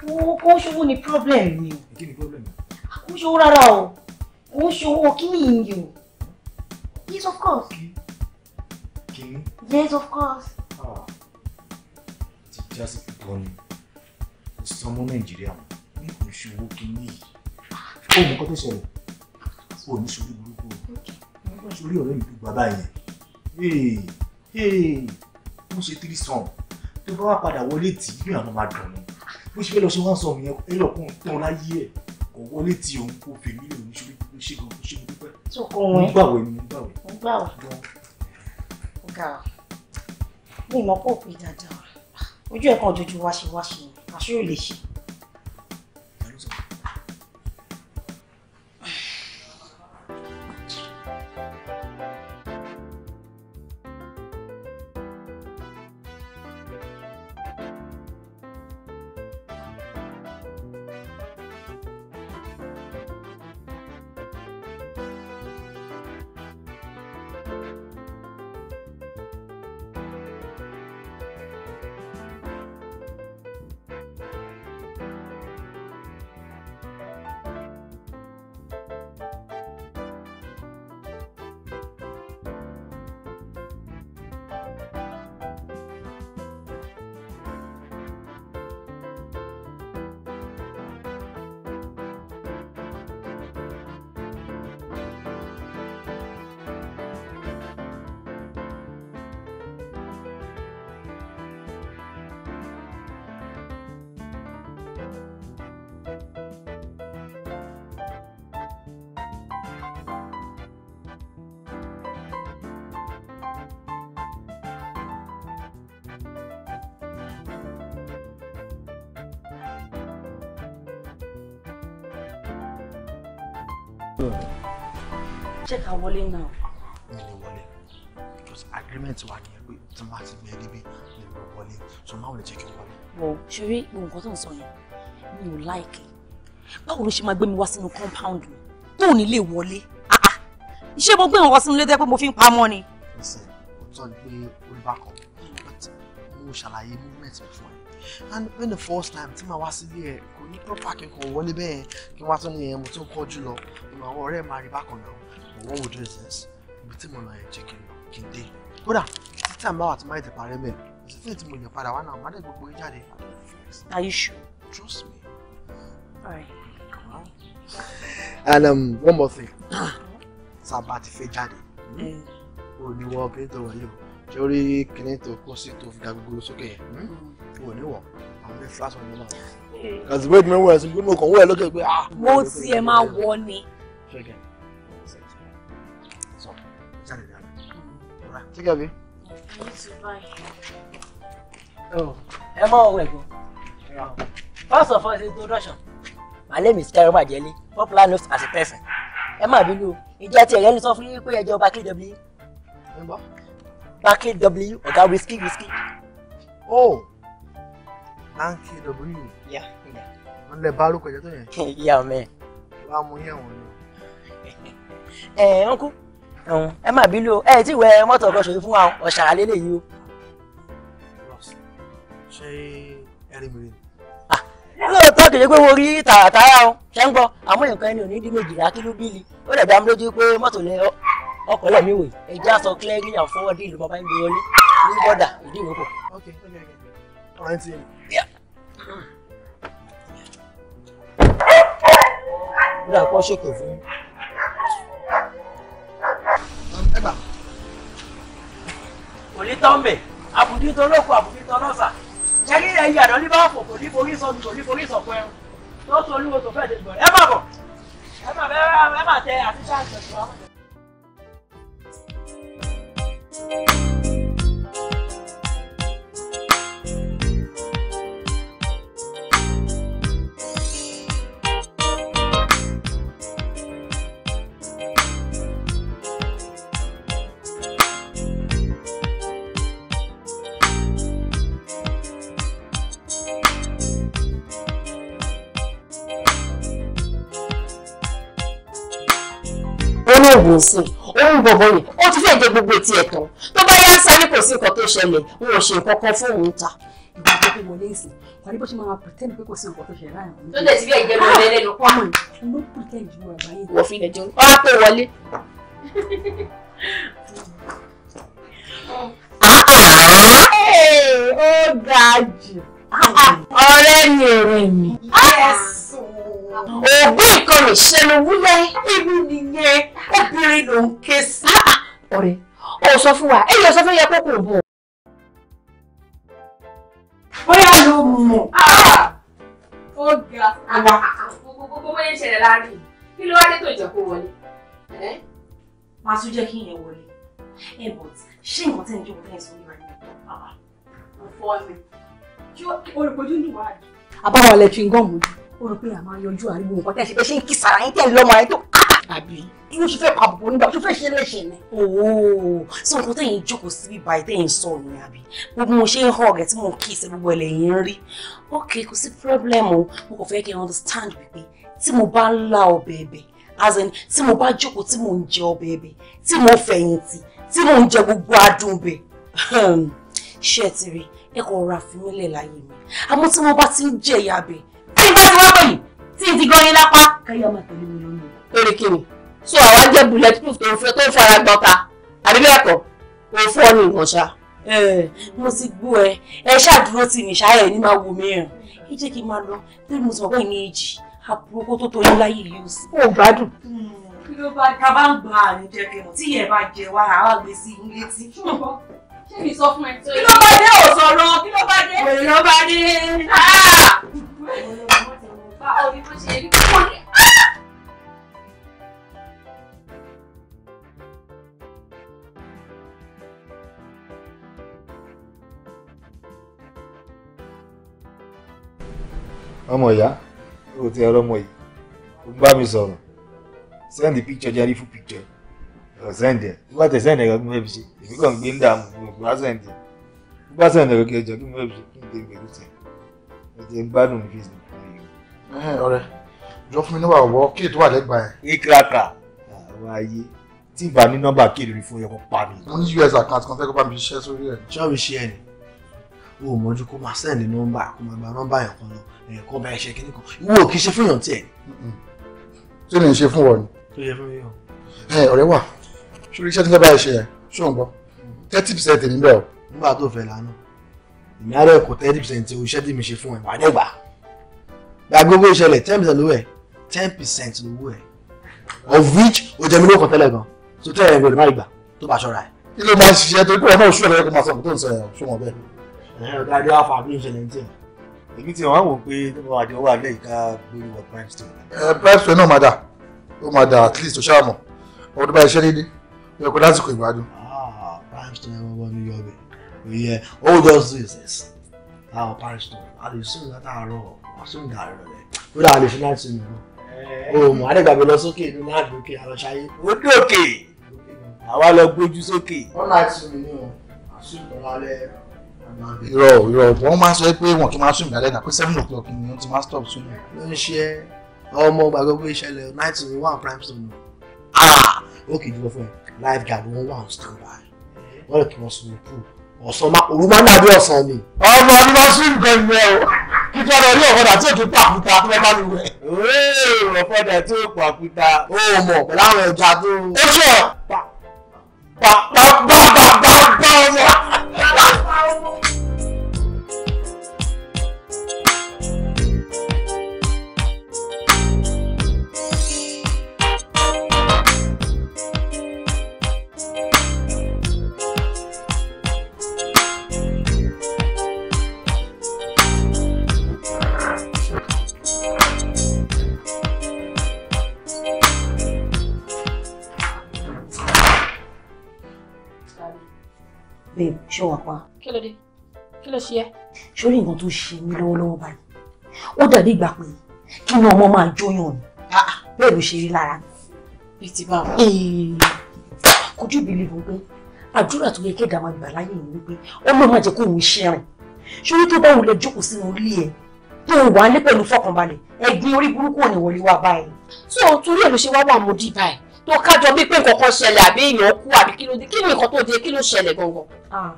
kò ṣòwò ni problem ni o. kí ni problem? kò ṣòwò rárá o kò ṣòwò kí ni ìyìn o yes of course. kí ni. yes of course. Ah. ti já sí pípọ́ ni kò sọmọ nàìjíríà mọ́ ní kò ṣòwò kí ni yìí ó mú kọ́tọ́ sọ̀rọ̀ ó ní sórí burúkú o wọ́n sórí ọ̀rẹ́ mi tó gba báyẹn mo ṣe tírí sàn tó bá wà padà wọlé tì í bí àwọn máa dùn mí bó ṣe fẹ́ lọ ṣe wá sọ òun yẹn ẹ lọ́kùn tán láyé kò wọlé tí òun kò fè mí lòun ṣe ló ṣe kò ṣe mo dúpẹ́. mo gbàwé mo gbàwé. mo gbàwé ọ̀gá mi ìmọ̀ pọ̀ pé dáadáa ojú ẹ̀ kan òjòjú wáṣíwáṣí àṣírí ò lè ṣe. Check ká wallet now. mi ò wọlé because agreements were ní We automatically wọ́n ti the wallet. so now we check your wallet. Well, wò ó ṣe rí nǹkan tó ń sọ yẹn mi ò láìkè báwo ló ṣe máa gbé mi wá sínú compound mi tó leave wallet. Ah! wọlé ah. ṣé mo gbé nǹkan sínú ilé tẹ́ pé mo fi ń pamọ́ ni. ẹsẹ̀ òótọ́ ni pé ó bá kọ́ mo ṣàlàyé movement before and when the first time tí màá wá síbí ẹ̀ kò ní proper kí n kò wọlé bẹ́ẹ̀ kí wọ́n á tún ní ẹ̀ mo tún kọ́ jù lọ ìwà àwọn ọ̀rẹ́ máa rí bákan náà but what would do is this ibi tí mo lọ yẹn jẹ́ kí n lọ kí n dé kódà títí àmọ́ àti máa ti parẹ́ bẹ́ẹ̀ títí tí mo yẹ padà wá náà má dé gbogbo yín jáde Are you sure? Trust me. All Come on. And um, one more thing. Sábà ti fẹ́ jáde. O hmm? ní wọ́n bí tó wọ̀ yìí o. Ṣé orí kìnìún tó kó sí tó fi dá gbogbo sókè yẹn? Hmm? Hmm wò ní wọ̀ àwọn ilé fúlásọ ní náà àtìgbé mi wọ ẹ̀sìn gbé mọ̀ kàn wọ ẹ̀ lókè pé ah. mo ti ẹ máa wọ ni. first of all it's introduction my name is Kayode Majele popular known as a person ẹ má bínú o ìjẹ́ tí ẹ̀yẹ́ ní sọ fún yín pé ẹjọ́ Barclay W. Barclay W ọ̀gá whisky whisky. oh NKW. Yeah, yeah. Wọ́n lẹ bárúkọ jẹ́ tó yẹn. Yeah, man. Wá mú yẹn wọ̀n ni. Eh, ẹ ọ̀nkú, ẹ má bínú o, ẹ ti wẹ mọ́tò ọkọ̀ ṣòro fún ọ̀ṣàrà lélẹ́yìí o. Ṣé ẹ rí mi rí? Ah, lóòótọ́ kìí pé mo ta tààtàrà o ṣe ń gbọ́ àmọ́ ni ẹni ò ní dí méjìlá kíló bíìlì ó lè dá mi lójú pé mọ́tò lẹ ọkọ̀ lẹ̀ mí wò yìí ẹja sọ clearing and forwarding ló máa ń gbé wọlé ní bọ́dà ìdí ìwòkọ̀. ọ̀rọ̀ ẹ ti yẹ dá kọ́ ṣètò fún. ẹgbà. kò ní tán bẹ̀ àbùdí tó lóko àbùdí tó lọ́sà jẹ́ kí ẹ̀yìn àdán ní bá fò kò ní forí sọ kò ní forí sọ̀kọ ẹ̀rù tó tó olúwo tó fẹ́ẹ́ tètè bọ̀ ẹ má bọ̀ ẹ má bẹ́ẹ̀ ẹ má tẹ àti sáà tẹ̀síwájú. thank you sí òun bọ̀bọ̀ yẹn ó ti fẹ́ jẹ gbogbo etí ẹ̀ tán tó bá yá sáré kò sí nǹkan tó ṣẹlẹ̀ wọn ò ṣe nǹkan kan fún òun ta. ìgbà tó fi wọlé ìsìn wàá ní bó ṣe máa pretend pé kò sí nǹkan tó ṣẹlẹ̀ láàrin òun. tó dẹ̀ ti bí ẹ̀jẹ̀ ló lé lẹ́nu pọ́n. ló pretend ju àgbà yìí. wọ́n fi ilẹ̀ jẹun ọ́ pé wọlé. ọ̀rẹ́ ni èrè mi. Ah, ògbó nǹkan rè ṣẹnu wúlẹ̀ irú nìyẹn obìnrin ló ń ké sí. Ah, ah, ọ̀rẹ́ ó sọ fún wa èyí ó sọ fún yẹ kó kò bọ̀. bóyá ló mọ̀ ah! ó ga gbogbo bóyá ìṣẹ̀lẹ̀ láàrin kí ló wá dé tó ìjọ kó wọlé. máa tún jẹ́ kí ìyẹn wọlé ẹ bọ̀ ṣé nǹkan tẹ́ ní kí mo fẹ́ sọ nípa ìyẹn bàbá mo fọ́ mi. ṣé olùpọ̀jù ń dùn wá. àbáwọ̀ lẹ́tí ń gọ́ọ̀mù jù ó rò pé àmọ́ yọjú àríwó nǹkan tẹ́ ṣe fẹ́ ṣe ń kí sàrà yín tẹ́ lọ́mọ ẹ tó ah, ah, àbí yóò ṣe fẹ́ pàbùkù nígbà tó fẹ́ ṣe léṣe ni. ooo sí nǹkan tẹ̀yìn jókòó síbi báyìí tẹ̀yìn sọ ni àbí gbogbo mo ṣe ń hàn ọ̀gẹ̀ tí mo kí ìṣe gbogbo ẹlẹ́yìn rí ok kò sí problem o mo kò fẹ́ kí n understand wípé tí mo bá ń la ọbẹ̀ ẹ̀bẹ̀ as in tí mo bá jókòó tí mo ń jẹ ọbẹ̀ ẹ̀bẹ̀ tí mo fẹ̀yìntì tí mo ń jẹ gbogbo adùn bẹ̀ ṣé ẹ ti rí ẹ kò rà fún mi lẹ̀ láyé mi àmọ́ tí mo bá ti ń jẹ ìyá bẹ̀ tí wọ́n wòyí tí ti gan yín lápá káyọ̀ máa tẹ̀lé mi lónìí. lórí kí ni so àwa jẹ́ bullet proof tó ń fẹ́ tó ń fara gbọ́n ta àbí bẹ́ẹ̀ kọ́ kò fọ́ ní ìwọ̀n ṣá. mo ti gbọ́ ẹ ẹ ṣàdúró tì ní ṣáà ẹ ní máa wò mí rìn ẹ jẹ́ kí n máa lọ tí mo sọ pé ní èjì àpòkó tó tó ní yìí ó sì. ó gbádùn. Hmm, kí ló bá ta bá ń gba àrùn jẹkẹmọ tí ìyẹn bá jẹ wá àwa gbé sí ilé ṣé mi sọ fún ẹ. kí ló bá dé ò sọ̀rọ̀ kí ló bá dé. òun ló bá dé. Ah! ọmọ ìyá o ti ẹ̀rọ ọmọ yìí o bá mi sọ̀rọ̀ send the picture jàre fún picture sẹ́ǹdẹ̀ bí wọ́n tẹ̀ sẹ́ǹdẹ̀ kan kí n fẹ́ fi ṣe èmi kàn gbé ń dààmú mi ò fi wá sẹ́ǹdẹ̀ bí wọ́n sẹ́ǹdẹ̀ kan kí ẹjọ́ kí n fẹ́ fi ṣe kí n dé pẹ̀lú tẹ̀ ẹ jẹ́ ń gbádùn mi fi ṣe. ọ̀rẹ́ jọ fún mi níwà ọwọ kí ètò wà lẹ́gbàá yẹn. ní kíláàkà àwọn ayé tí ìbá ní nọ́mbà kéde rí fún yẹn kó pa mi. mo ní us account kan fẹ́ kó bá mi ṣiṣẹ́ sórí ẹ̀. ṣọ́ọ̀bù ṣe ẹ̀ ni o ò mọ̀jú kó máa sẹ́ẹ̀lì nọ́mbà kó máa gba nọ́mbà yẹn kan lọ ẹ̀yìn kan bá ẹ ṣe kíní ni. tó yẹ sórí iṣẹ́ tí lọ́ba ẹ̀ ṣe yẹn ṣùgbọ́n gbọ́ thirty percent èmi bẹ́ẹ̀ o. nígbà tó fẹ́ lánàá èmi á rẹ̀ kó thirty percent iṣẹ́ tí mi ṣe fún ẹ wà nígbà gbàgbogbo ìṣẹ̀lẹ̀ ten percent lówó ẹ̀ ten percent lówó ẹ̀ of which o jẹ́ mi ló kàn tẹ́lẹ̀ gan so tẹ́lẹ̀ ẹ̀ gbọ́dọ̀ má gbà tó bá ṣọ́ra ẹ̀. kí ló máa ń ṣiṣẹ́ torí pé ẹ náà ṣùgbọ́n ẹ̀ kò máa sọ̀rọ̀ tó ń sọ ẹ̀ ṣùgbọ́n bẹ́ẹ̀. ẹ̀hẹ́ ọ̀gá adé wà fún àbí ìṣẹ̀lẹ̀ ní tiẹ̀ èmi ti wọ́n wò pé nípa àjọ wà lẹ́yìn ká gbórí wọ prime stone. ẹ prime stone náà máa dà ó máa dà at least ó ṣáà mọ̀ ọdún báyìí ṣẹ́ déédéé yẹ kó lásìkò ìgbádùn. ah parish náà wọ́n wọ́n ní yọ̀bẹ̀ ìyẹn all those things yes àwọn ah, parish náà a lè sún látàárọ̀ wà sún ìdàrẹ́ rẹ̀ kódà a lè fi láti sún ìlú. òmù eh. oh, adégbàgbé lọ sókè inú náà lókè àlọ́ṣayé. ó dókè àwa lọ gbójú sókè. wọ́n náà ti sún mi ní wọn àsún ìdọ̀rọ̀ alẹ́ irọ́ irọ́ wọ́n máa ń sọ pé wọn kì í máa sún ìdálẹ́ náà pé seven o'clock ni wọ́n ti máa stop sún mi. ló ń ṣe ọmọ gbàgbọ́ pé ìṣẹ̀lẹ̀ night one prime stone. ah ó kì í dúró fún ẹ. Life lifeguard wọn wà on standby wọn lè kí wọn sinmi pool ọ̀sán máa òru máa ń dàbí ọ̀sán ni. ọmọ ni wọn sún nǹkan ìwé o kí tí wọn lọ rí ọ̀kadà tí òkè pàkúta tó bá lù wẹ̀. ọ̀kadà tí ò pàkúta. ó mọ̀ pẹ̀lú àwọn ẹja tó. ó sọ pa pa pa pa pa pa ọmọ. ṣé wàá pa. kí ló dé kí ló ṣe ẹ́. sórí nǹkan tó ṣe mí lọ́wọ́lọ́wọ́ báyìí ó dàbí ìgbà pé kí ni ọmọ máa jóyàn ni ah, bẹ́ẹ̀ ló ṣe rí lára mi. bíi ti báwo. kojú ìbílẹ̀ ló gbé àdúrà tó yẹ kí ẹ̀dá máa gbà láyé ìlú gbé ọlọ́run máa jẹ́ kó òun ṣe rìn sórí tó bá wulẹ̀ jókòó sínú ilé ẹ̀ tó o wà á lé pẹ̀lú fọkànbalẹ̀ ẹ̀gbin orí burúkú ò ní wọlé wá báyìí. tó torí ẹ̀ ló ṣe wá wà mọ́ dí báyìí tó kájọ bíi pé nǹkan kan ṣẹlẹ̀ àbí èèyàn kú àbí kí ló dé kí ni nǹkan tó dé kí ló ṣẹlẹ̀ gangan. Ah.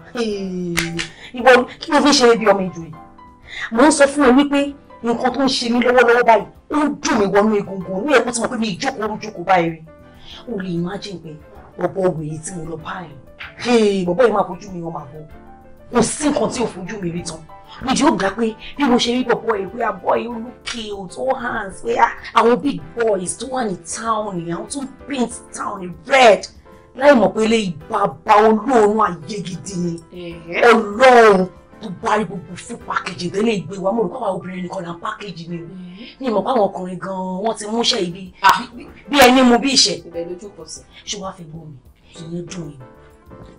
ìwọ kí ló fi ṣe é bí ọmọ ìjòyè mo ń sọ fún ẹ wípé nǹkan tó ń ṣe mí lọ́wọ́lọ́wọ́ báyìí ó ń dùn mí wọnú egungun ní ẹ̀kú tí mo pé mi ìjókòó orújókòó báyìí rí o lè imagine pé bọ̀bọ̀ wèé tí mo lọ báyìí bọ̀bọ̀ yìí máa fojú mi wọn máa bọ̀ kò sí nǹkan tí ò fojú mi rí tán ìjọ gbà pé bí mo ṣe rí bọ̀bọ̀ ìwé abọ́ yìí olùkè ò tó hands pé àwọn big boys tó wà ní town ni àwọn tó ń paint town ni red láì mọ̀ pé eléyìí bàbá olóòórùn ayé gidi ni ọlọ́run tó bá rí gbogbo fún pàkejì tó lè gbé wa mo rò pé àwọn obìnrin nìkan là ń pàkejì ni ní ìmọ̀ páwọn ọkùnrin gan-an wọ́n ti múṣẹ́ ibi bí ẹni mu bí ìṣẹ́ ìbẹ̀ lójú pọ̀ ṣé wàá fi gbọ́ mi ìyẹn dùn mí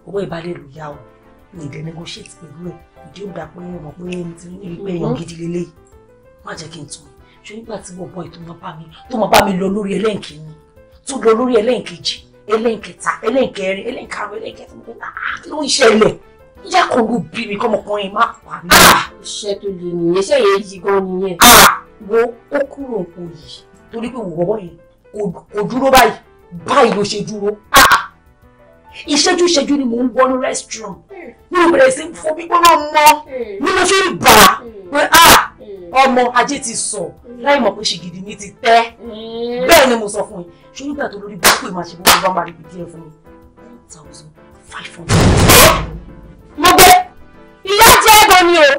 owó ìbálẹ̀ ló yá o mi ì dẹ̀ negotiate pẹ̀lú ẹ̀ ìdí ó dà pé mọ̀ pé ẹni tí rí pé èèyàn gidi lélẹ̀ má jẹ́ kí n tún ṣé nígbà tí bọ̀bọ̀ ẹ̀ tó máa bá mi tó máa bá mi lọ lórí ẹlẹ́ǹkì tó lọ lórí ẹlẹ́ǹkejì ẹlẹ́ǹkẹta ẹlẹ́ǹkẹrin ẹlẹ́ǹkarùn ẹlẹ́ǹkẹta ah, ló ń ṣẹlẹ̀ ìyá kan ló bí mi kọ́mọkùnrin má pa mí. Ah! iṣẹ́ tó le nìyẹn iṣẹ́ yẹn yí gan nìyẹn. Ah! wo ó kúrò òkú yìí torí pé wò bọ́bọ́ yẹn kò dúró báyìí báyìí ló ṣe dúró ìṣẹ́jú ìṣẹ́jú ni mò ń wọnú restroom mi ò bẹ̀rẹ̀ sí fún gbígbóná mọ́ ni hmm. mo fi ń bà á pé ah hmm. ọmọ ajé ti sọ hmm. láì mọ̀ pé ṣìgìdì mi ti tẹ́ bẹ́ẹ̀ ni mo sọ fún yín ṣé nígbà tó lórí bá pè máa gbogbo bá máa rí díẹ̀ fún mi one thousand five hundred. mo gbé ìyá jẹ́ ẹ̀gbọ́n mi o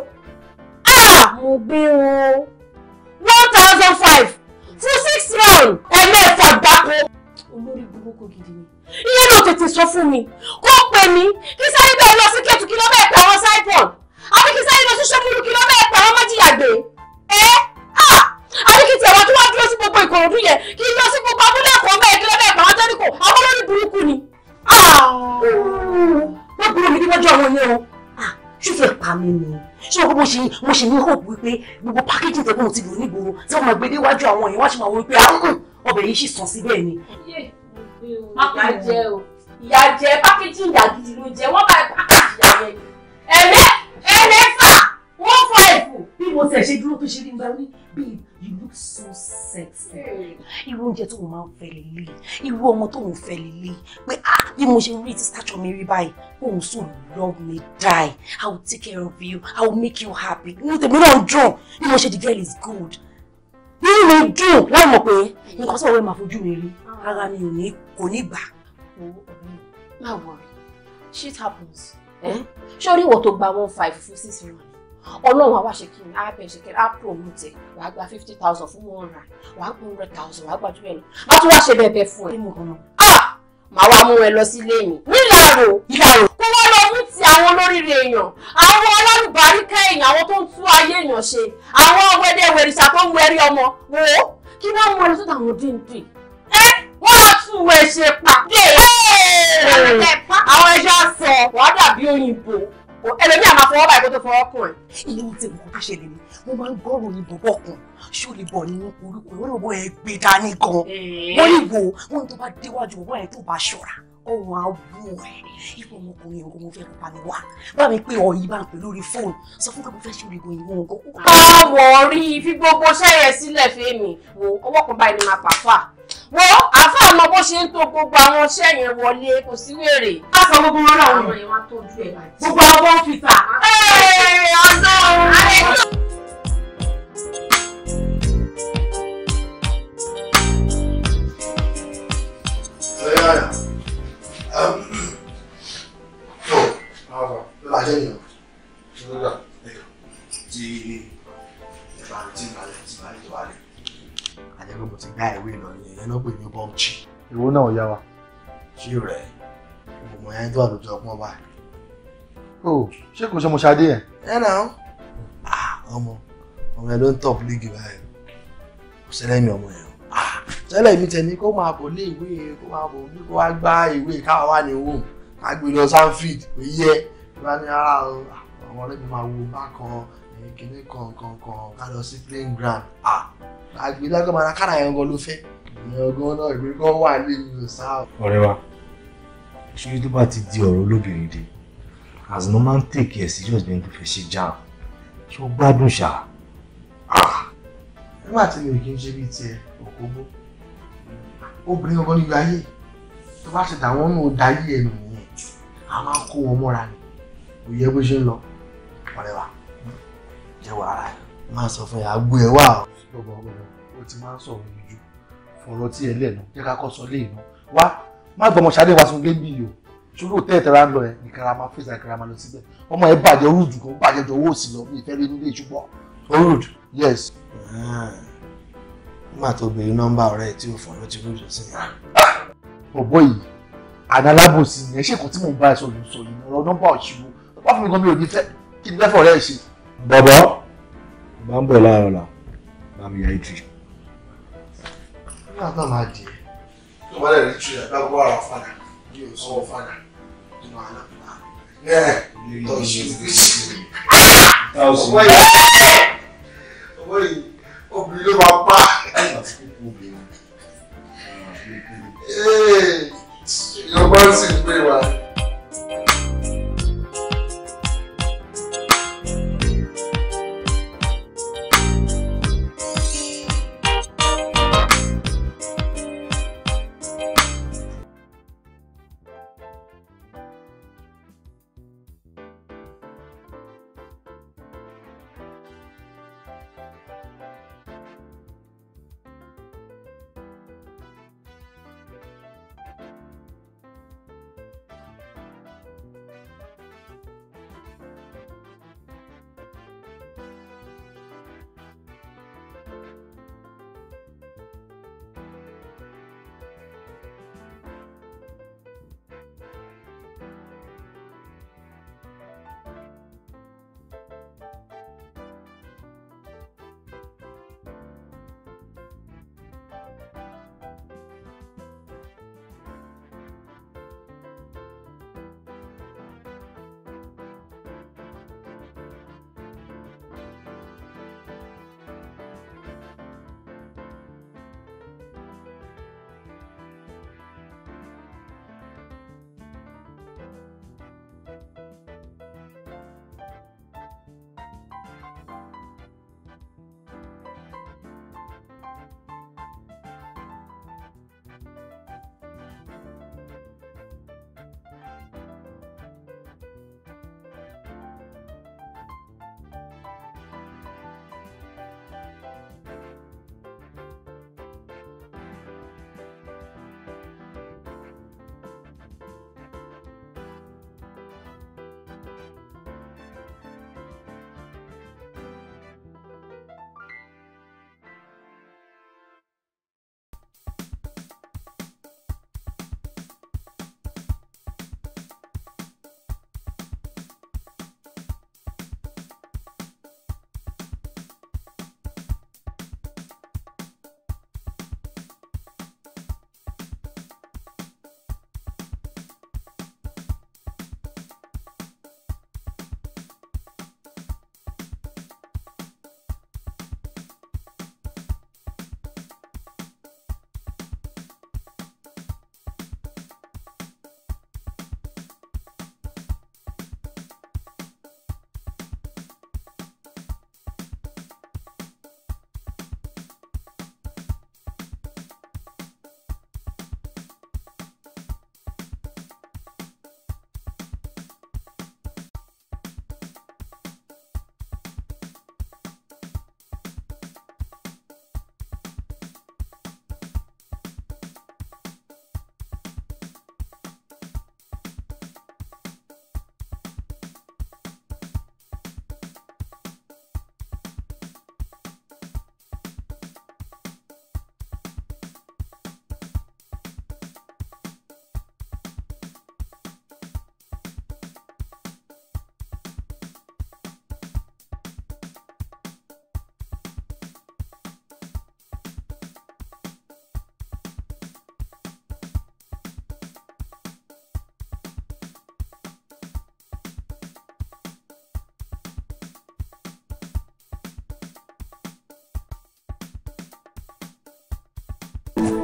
ah mo gbé o one thousand five fún six round ẹ̀mẹ́fà gbáko olórí burúkú gidi ni ìyẹn náà tètè sọ fún mi kó pè mí kí sáré bẹ́ẹ̀ lọ sí kẹ́tù kí ló bẹ́ẹ̀ pẹ̀ àwọn saipon àbí kí sáré lọ sí ṣọ́múlù kí ló bẹ́ẹ̀ pẹ̀ àwọn májìyàgbé ẹ́ à àbí kí tiẹ̀ wọ́n tí wọ́n dúró sí gbogbo ìkòròdú yẹn kí lọ sí gbogbo abúlé ẹ̀kọ́ bẹ́ẹ̀ kí ló bẹ́ẹ̀ pẹ̀ àwọn tẹ́ríkò àwọn olórí burúkú ni. wọ́n gbúrò mi níwájú àwọn yẹn o ṣùfẹ́ pa mí ni ṣé o kò mo ṣe mo ṣe ní hope wípé gbogbo pákéjì tẹ́kùn ti lò nígboro tí wọ́n máa gbé déwájú àwọn èèyàn wá ṣe máa wọ wípé ah, mm, mm. ọbẹ̀ yìí ṣì sàn síbẹ̀ ni gbé o ìyá jẹ o ìyá jẹ pákéjì ìyá gidi ló jẹ wọ́n bá pákéjì ìyá rẹ ẹ̀rẹ́ ẹ̀rẹ́ fà wọ́n fọ ẹ̀fọ́. bí mo tẹ̀ ṣe dúró tó ṣe rí ń wí babe you look so sexy. irú oúnjẹ tó o máa ń fẹ́ lélẹ̀ irú ọmọ tó o ń fẹ́ lélẹ̀ pé ah bí mo ṣe rí ti sátọ̀ mi rí báyìí òun so love me die i will take care of you i will make you happy inú tèmi náà dùn bí mo ṣe the girl is good nínú mi dùn láì mọ̀ pé nǹkan sọ̀rọ̀ ẹ̀ máa fojú mi rí ara mi ò ní kò ní gbà. má wọrí shit happens. Eh? ṣé orí ìwọ tó gba one five fún six million. ọlọ́run àwa ṣe kíni á bẹ̀ ṣe kíni á promote ẹ̀ wàá gba fifty thousand fún one rand wàá gba hundred thousand wàá gba two hundred á tún wá ṣe bẹ́ẹ̀ bẹ́ẹ̀ fún ẹ. Ah! màá wá mú ẹ lọ sí ilé mi nílàrò ìlàrò kó wá lọ mú ti àwọn olóríire èèyàn àwọn ọlọ́rùbáríkẹ́ èèyàn àwọn tó ń tú ayé èèyàn ṣe àwọn wẹ́dẹ̀wẹ̀rìṣà tó ń wẹrí ọmọ wò ó kí wọ́n mú ẹ lọ sọ́dọ̀ àwọn díndín sùn ẹ ṣe pàdé àwọn ẹja sọ wàá dàbí òyìnbó ẹlẹ́mí àmà fọwọ́ báyìí kó tó fọwọ́ kùn ẹ̀. ilé ní tèmi kò ṣe lè ní mo máa ń gbọ́rọ̀ ní bọ̀bọ̀ kan ṣó lè bọ̀ nínú orúkọ ìwé ìwé ẹgbẹ́ dání gan-an eh. wọ́n ní wo wọ́n ní tó bá déwájú bọ̀bọ̀ yẹn tó bá ṣọ́ra ọrùn abú ẹ irú ọmọkùnrin yẹn kò mo fẹ́ kó bá mi wá bá mi pé ọ̀yìn bá ń pè lórí fóònù sọ fún pé mo fẹ́ ṣe ìrìbò ìwọ̀n nǹkan kó. báwo rí fi gbogbo sẹ́yẹ sílẹ̀ fèmí wo ọwọ́ kan báyìí ni màá pàfà wo àfa àmọ́ bó ṣe ń to gbogbo àwọn iṣẹ́ yẹn wọlé kò sí wèrè. a sọ gbogbo wọn láwọn yẹn gbogbo àwọn fìtà. ọ̀sán òun. ìwọ náà yá wa. ṣé rẹ mo mọ ẹni tó wà lójú ọpọ́n wa. o ṣé kò ṣe mo ṣadé ẹ. ẹ nà ó ọmọ ọmọ ẹ ló ń tọ̀pù líìgì báyìí kò sẹ́lẹ̀ mi ọmọ yẹn o sẹ́lẹ̀ mi tẹ̀ ní kó máa bọ̀ lé ìwé kó máa bọ̀ bí kó wá gbá ìwé káwa wà ní wò ká gbé lọ sanfid kò yẹ ìwà ni ara o àwọn ọlẹ́gbẹ̀ẹ́ máa wo bákan kìnnìkan kan kan ká lọ sí playing ground àgbélágbàmọ́ra kára yẹn gan ló fẹ́ ìyẹn gan náà ìgbé kan wà ní ìlú sáà. ọ̀rẹ́ wa ṣé tó bá ti di ọ̀rọ̀ olóbìnrin dé as no man take ẹ̀ serious bí n tó fẹ́ ṣe jam ṣé ó gbádùn ṣá. nígbà tí mi ò kí ń ṣe bíi tiẹ̀ òkóbó obìnrin ọgbọ́n nílùú ayé tó bá ti dàwọn nù dayé ẹnu nìyẹn a máa kó wọn mọ́ra ni kò yẹ bó ṣe ń lọ ọ̀rẹ́ wa jẹ́ wàhálà máa sọ fún ẹ̀ àgbo ẹ̀ wà. ó ti máa ń sọ̀rọ̀ mi fọ̀rọ̀ tí ẹ lẹ́nu jẹ́ ká kọ́ sọ lé ìná wá má gbọmọ ṣadé wa sun gébí yìí o ṣòro tẹ́ ẹ̀tẹ̀ra ń lọ ẹ ní karama fèsì àkarama lọ síbẹ̀ ọmọ ẹ bàjẹ́ rúdù kan bàjẹ́ jọ owó òsì lọ bí ìfẹ́ rí nílé ìṣubọ̀. rúdù. yes. nígbà tó bèrè nọ́mbà ọ̀rẹ́ tí o fọ̀rọ̀ ti rúdù sí yẹn. Ah, bọ̀bọ̀ ah, yìí àná alábòsí yẹn ṣé kò tí mò ń bá ẹ sọ lùsọ yìí ọ̀rọ̀ nọ́mbà òṣìwò wá fún mi gan mi ò ní fẹ́ kí ni fẹ́ fọ̀rẹ́ ẹ̀ ṣe. bọ̀bọ̀ bá ń bọ̀ láàárọ̀ là bá mi ká náà máa jẹ. tó bá lè rí tu yàrá gbọ́ àwọn fada ní òsùn fada nínú àná. ẹ tọ́ sí ìgbésí. ọwọ́ yìí ọwọ́ yìí obìnrin ló máa pa. ìyọ̀bá sì ń pè wá.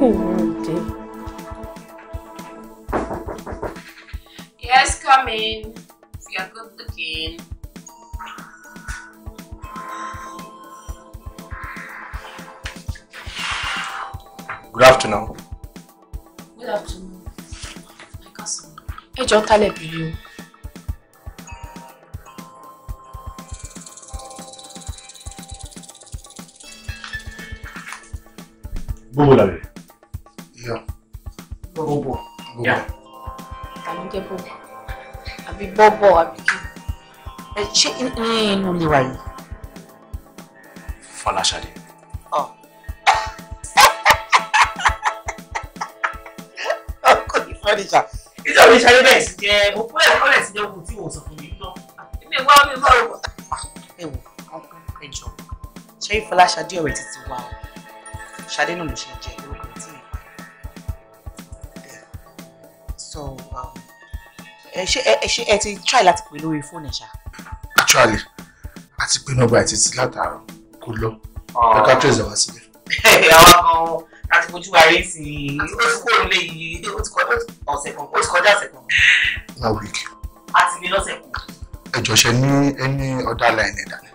Ìyáǹde. Yes, come in. If you are good looking. Good afternoon. Good afternoon. Ẹ jọ̀ọ́ tálẹ̀ bìrì o. bọ́ bọ̀ àbíkí ẹ ṣe inú ilé wa yìí. Fọláṣadé. ọkọ ìfọdíṣà ìjọba ìṣàlẹ bẹ́ẹ̀ sì jẹ òkú ẹ kọlẹ sí jẹ ohun tí wò sọ fún mi náà èmi wá mi bọ ọ. ẹ wò ọkọ ẹjọ ṣé Fọláṣadé ọ̀rẹ́ títí wa o Ṣadé náà ló ṣe jẹ. ẹ ṣe ẹ ti try láti pè lórí fóònù ẹ ṣá. actually a ti pè nọ́mbà ẹ ti ti látàárọ kó lọ ẹ ká tẹ̀sán wá sílẹ̀. àwa gan-an láti fojú wa rí sí i ó ti kúrò nílé yìí ó ti kọjá ọ̀sẹ̀ kan ó ti kọjá ọ̀sẹ̀ kan. na week. a ti ní lọ́sẹ̀ kan. ẹ jọ̀ṣẹ́ ní ẹni ọ̀dà line ẹ̀dá ni.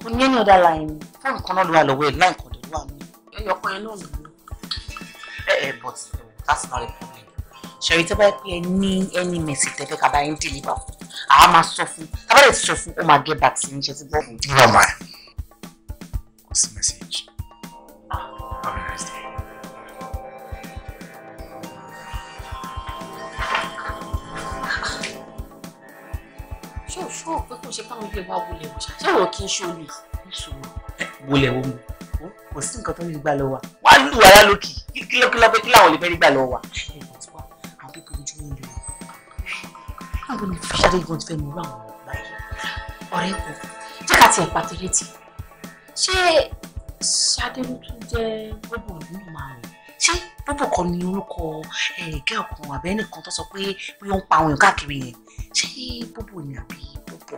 kò ní ẹni ọ̀dà line fóònù kan lọ́wọ́ ẹ̀ láì kọ̀dọ̀ ló wà ní ẹ̀yọ̀kan ẹ̀ náà nù. ṣẹ̀rí tó bá pẹ́ ní ẹni mẹ̀sì tẹ̀fẹ́ kaba yín dìlíbà àá máa sọ fún tábà lè ti sọ fún ó máa gé back sí níṣẹ́ tí bọ́ fún. irú ọmọ ẹ kò sí message. Have a nice day. ṣé ò ṣó pé kò ṣe káwọn ilé wa wulẹ̀ wò ṣe òwò kí n ṣe olè ìṣòro. wulẹ̀ wo mu kò sí nǹkan tó ń gbà lọ́wọ́ wa lù wá lálòkì kí lọ́kí kí làwọn olè fẹ́ gbà lọ́wọ́ wa. báwo ni fíṣàdé ìwọ̀n ti fẹ́ mú àwọn ọmọ báyìí ọ̀rẹ́ kò jẹ́ ká tiẹ̀ pàtó létí ṣé ṣadé ló tún jẹ́ bóbò nínú márùn ṣé bóbò kan ni orúkọ ẹ̀ẹ́gẹ́ ọ̀kan àbẹ́ nìkan tó sọ pé bí wọ́n ń pa àwọn èèyàn káàkiri yẹn ṣé bóbò ni àbí bóbò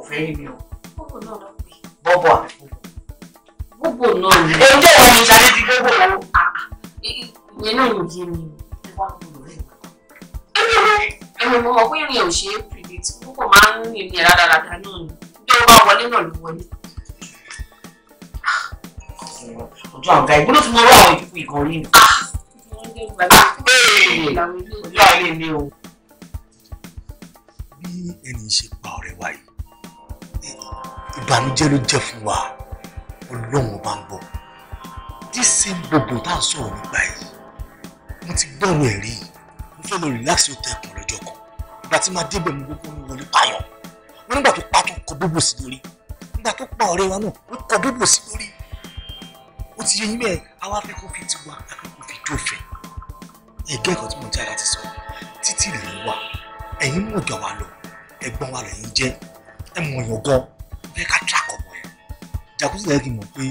ọ̀fẹ́ ni o. bóbò náà lọ pé. bóbò àbí bóbò. bóbò náà ni. èyí jẹ́ ìwà ìṣàlẹ̀ ti bóbò. Ah, ah. ìyẹn náà ò yé mi ẹ̀wọ̀n mo mọ̀ pé ìrìn ò ṣe é predict púpọ̀ máa ń rìn ní ẹ̀rá dáadáa náà ni bí ó bá wọlé náà ló wọlé. ojú àwọn ọ̀gá ìgbóná tí mo rọ àwọn ìdíkù ìkan rí ni. Ah! Ah! ojú àlè mi o. bí ẹni ṣe pa ọ̀rẹ́ wa yìí ìbànújẹ́ ló jẹ́ fún wa ọlọ́run bá ń bọ̀ tí same gbogbo tá a sọ̀rọ̀ nípa yìí mo ti gbọ́rọ̀ ẹ̀ rí mo fẹ́ lọ rìláàsì ó tẹ̀kù òde ọkọ̀ ìgbà tí máa débẹ̀ mú gbogbo ní wọlé payọ̀ wọn nígbà tó pa tó kọ bíbò sí lórí nígbà tó pa ọ̀rẹ́ wa náà ó kọ bíbò sí lórí ó ti yẹ yín mẹ́ẹ̀ àwa fẹ́ kó fi tiwa akẹ́kọ̀ọ́ fi dófin ẹ̀gẹ́ ẹ̀kọ́ tí mo jára ti sọ títí rèé wà ẹ̀yin mú ọ̀dọ̀ wa lọ ẹ̀gbọ́n wa lẹ̀yin jẹ́ ẹ̀ mọ̀ yàn gan fẹ́ ká tíráàkọ̀ mọ̀ ẹ̀ jàkúsí lẹ́yìn kí n mọ̀ pé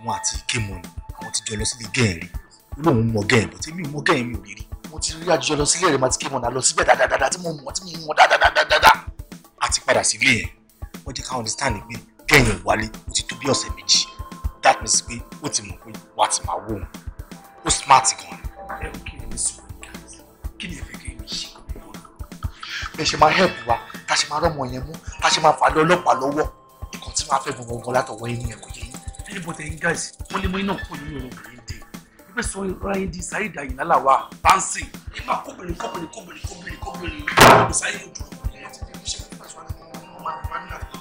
òun àti ike mọ̀ ni àwọn ti jọ lọ sílé gẹ́ẹ̀rin ó lóun mọ gẹ́ẹ̀ bọ́tẹ́mi mọ gẹ́ẹ̀ mi ò rí rí mo ti rí àjọyọ̀ lọ sílé rẹ̀ máa ti ké mọ̀nà lọ síbẹ̀ dáadáa tí mo mọ̀ tí mo mọ̀ dáadáa. a ti padà sílé yẹn wọ́n jẹ́ ká understand pé kẹ́yìn wálé ó ti tó bí ọ̀sẹ̀ méjì that means pé ó ti mọ̀ pé wà á ti máa wó òun ó smart gan bẹ́ẹ̀ ṣe máa help wa tá ṣe máa rọ́mọ yẹn mú tá ṣe máa fà lọ ọlọ́pàá lọ́wọ́ nǹkan tí máa fẹ́ gbọ̀ngàn látọwọ́ ẹni bọ́tẹ̀ ẹgbẹ́ sọ ìrora yín di Saheed Àyìnlá làwà báńsì ẹ máa kóbìnrin kóbìnrin kóbìnrin kóbìnrin kóbìnrin kóbìnrin sáyé ojú ọ̀rọ̀ ẹ̀ ti fi ṣe fún ìfàṣọ àti ọmọ àgbà ní àgbà kí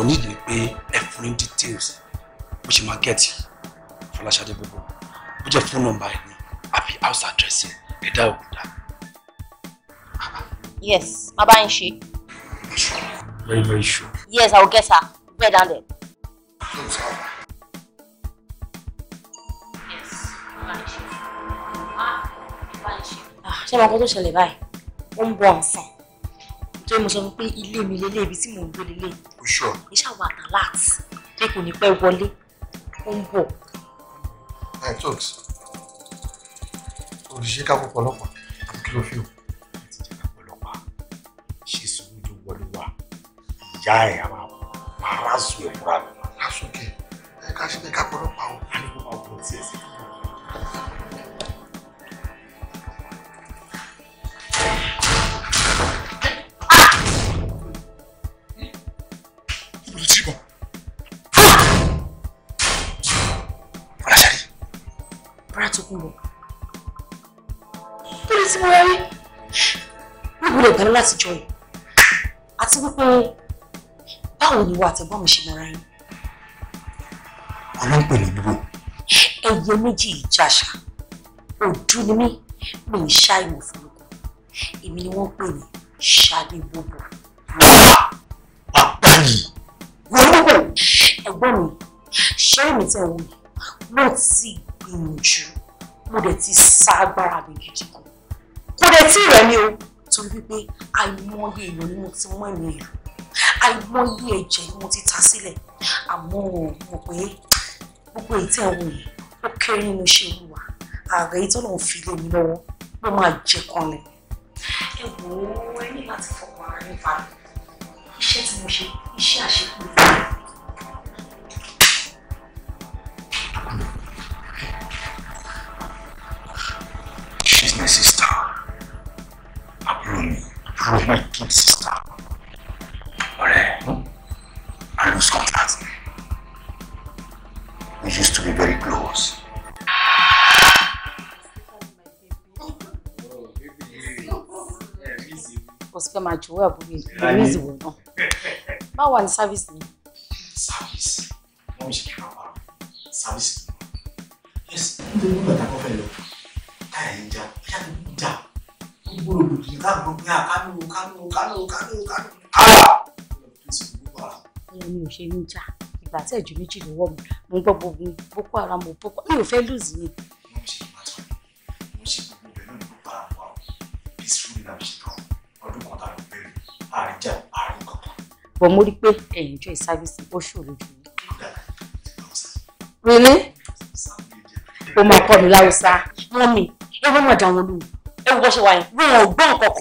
kò nídìí pé ẹ fún ní details bó ṣe máa gẹ̀ẹ́tì Fọláṣadé gbogbo bó jẹ́ phone number ẹ̀ ní àbí house address ẹ̀ òkúta. yes má bá ń ṣe. very very sure. yes i will get her bed down there. Ah, ṣé máa kọ́ tó ṣẹlẹ̀ báyìí ó ń bọ̀ ọ̀sán nítorí mo sọ fún pé ilé mi lélẹ̀ ibi tí mò ń gbé lélẹ̀ sure. iṣẹ́ àwọn àtàn láti pé kò ní pẹ́ wọlé ó ń bọ̀. ẹ tóks òṣìṣẹ́ ká púpọ̀ ọlọ́pàá àti kí ló fi o. ẹ ti jẹ́ ọlọ́pàá ṣe sùúrù wọlé wa ìyá ẹ̀ lọ láti jọ yìí àti wípé báwo ni ìwọ àtẹ̀gbọ́n mi ṣe mọ̀ra yín. ọlọ́run pè ní bíbò. ẹyẹ méjì ìjàṣà òdú ni mí mi ń ṣá ìmọ̀ fúnlùkù èmi ni wọ́n pè ní ṣáde gbogbo. bàbá yìí. wọ́n gbogbo ẹ̀gbọ́n mi ṣé èmi tẹ̀ wọ́n mo ti gbìyànjú mo dẹ̀ ti sá agbára mi gidi kan kò dẹ̀ tí rẹ̀ mi o nítorí wípé àìmọye èèyàn ni mo ti mú ẹ̀mí ẹ̀ àìmọye ẹ̀jẹ̀ ni mo ti ta sílẹ̀ àmọ́ mo pé gbogbo ètò ẹ̀wọ̀n yìí ó kéré nínú iṣẹ́ olúwa ààrẹ ìtọ́nà fi lé mi lọ́wọ́ ló máa jẹ kanlẹ̀ ẹ wò ó ẹ ní láti fọkàn ara yín balẹ̀ iṣẹ́ tí mo ṣe iṣẹ́ àṣekúlẹ̀ kí ni sista ọ̀rẹ́ I lose contact we used to be very close. Oscar máa jọ̀wọ́ àbúrò ìlú ìzìwò náà. Báwo ni sáfíìsì yìí? ṣe ń jà ìgbà tí ẹ̀jú méjì ló wọ̀ mí mo ń gbọ́ gbogbo boko haram o boko mi ò fẹ́ lùzì yìí. mo ṣe ìbátan mo ṣe gbogbo ìbẹ̀ náà ló bá wa o peacefully la ṣe kàn ọdún kan tàbí bẹ́ẹ̀ àárín jà àárín kankan. bọ̀ mo rí i pé ẹ̀yìn jọ ìsábìsì ó ṣòro jù mí. rèlé o máa kọ́ mi láwùsá wọ́n mi ewé náà jà wọn lù ẹ wọ́n ṣe wà yẹn wọn ò gbọ́ nǹkan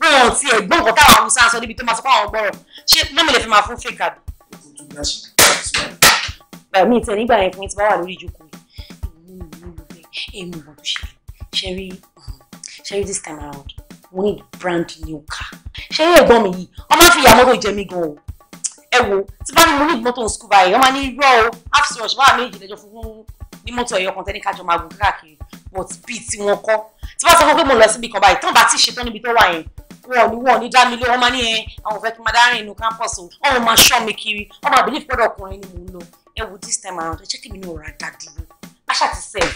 kan wọn ò tiẹ̀ gbọ́ nǹkan táwọn haúsá ń sọ níbi tó máa sọ fún àwọn gbọ́rọ̀ ṣé mọ́mí lè fi máa fún fèkà bí báyìí mi tẹ̀ nígbà yẹn fún mi ti bá wà lórí ìjókòó yìí èmi ò ní lò bẹ́ẹ̀ èmi ò gbọ́dọ̀ ṣe ṣẹ́rí ṣẹ́rí this time around we need brand new car ṣẹ́rí ẹ̀gbọ́n mi yìí ọmọ fi ìyá mọ́tò jẹ mí gan o ẹ wo tí bá ní mo ní mọ́tò school báyìí ọmọ ní irọ́ o half sun ọ̀ṣun báwa méjì lẹ́jọ́ fún ní mọ́tò ẹ̀yọ kan tẹ́ni kájọ máa gùn káàkiri but bíi tí wọ́n kọ́ tí bá sọ fún pé mo lọ síbi kan báyìí tán bá ti ṣetán níbi tó wà yẹn wọn ni wọn ni dá mi máa ní ẹ àwọn òfẹ́ kí n máa dá inú campus o wọn máa ṣọ́ mi kiri wọn máa believe ọkùnrin ni mò ń lọ ẹ wo this time around ẹ jẹ́ kí mi ní ọ̀rọ̀ àdá dúró aṣá ti sẹ̀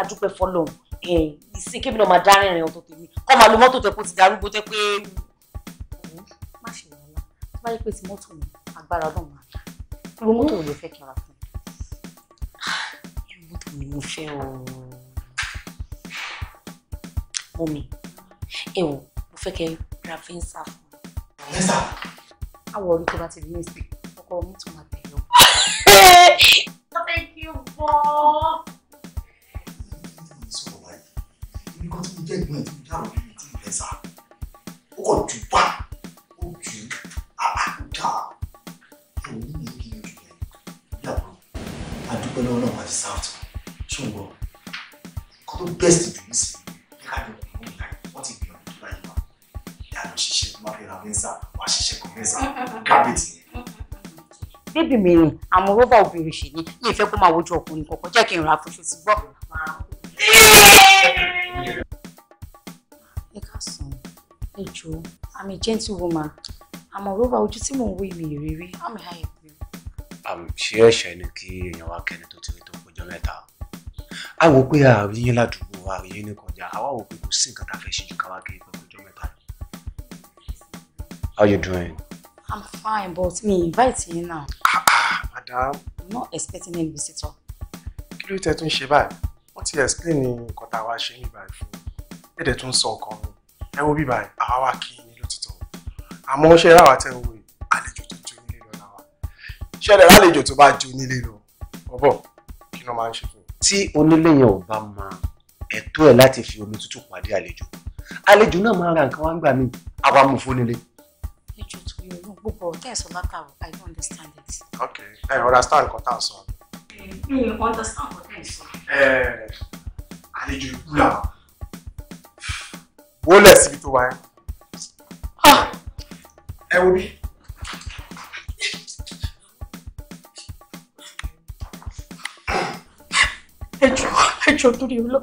adúpẹ́ fọlọ́ ẹ ìsìn kí mi náà máa dá rìn rìn ọ̀tọ̀ tèmi kọ́ máa lo mọ́tò tẹ kó ti darúgbó tẹ pé má ṣe wàhálà tó bá yẹ pé ti mọ́tò mi agbára ọlọ́run mọ́mi ẹ wò ah, mo fẹ́ kẹ́ la fi ń sá fún un. ẹ sá. àwọ̀ orí tó thank you boy. bébì mi rìn àmọ́ rọ́bà obìnrin ṣì ni ní ìfẹ́ kó máa wojú ọkùnrin kọ̀ọ̀kan jẹ́ kí n ra afoṣo sí gbọ́. ẹ ká sàn ẹ jọ i'm a gentlewoman àmọ́ rọ́bà ojú tí mò ń wé mi ìrírí àmì àyè pé. ṣé ẹ̀ṣẹ̀ ni kí èèyàn wá kẹ́ni tó ti rí tó kọjọ́ mẹ́ta a wò pé àrí yín ládùúgbò àrí yín ní kọjá àwa wò pé kò sí nǹkan tá a fẹ́ ṣe ju káwá kiri pẹ̀lú ọjọ́ mẹ́ta. How you doing? I'm fine, but me inviting you now. Ah, ah, madam. I'm not expecting any visitor. Kí ló tẹ́ tún ṣe báyìí? Wọ́n ti explain nǹkan tá a wá ṣe ní báyìí fún mi. Ẹ̀dẹ̀ tún sọ ọkàn mi. Ẹ wo bí báyìí, àwa wà kí ni lótìtọ́. Àmọ́ ṣé ráwa tẹ́ ń wo àlejò tó jó nílé lọ láwa. Ṣé ẹ̀dẹ̀ rálejò tó bá jó nílé lọ? Ọ̀bọ̀, kí ló máa ń ṣe fún mi? Tí onílé yẹn ò bá máa ẹ̀tọ́ ẹ̀ láti fi omi tútù pàdé àlejò. Àlejò náà máa ra nǹkan wá ń gbà mí, àwa mú fún nílé gbogbo ọ̀tẹ̀ ẹ̀sọ́ látàwọ̀ I don't understand it. ok ẹ understand nǹkan tá à sọ. mi ò understand nǹkan tá à ń sọ. àlejò ikú là wá. wọ́n lẹ̀ síbi tó wá yẹn. ẹ wo bí. ẹ jọ ẹ jọ torí lọ.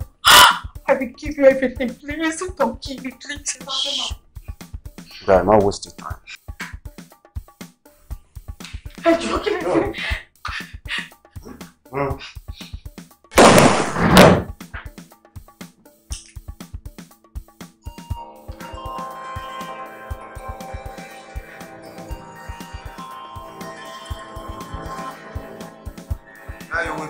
I will give you everything. Please don't give me, please. Guy, not waste the time. 잘 죽었긴 했어. 응. 야, 요거 이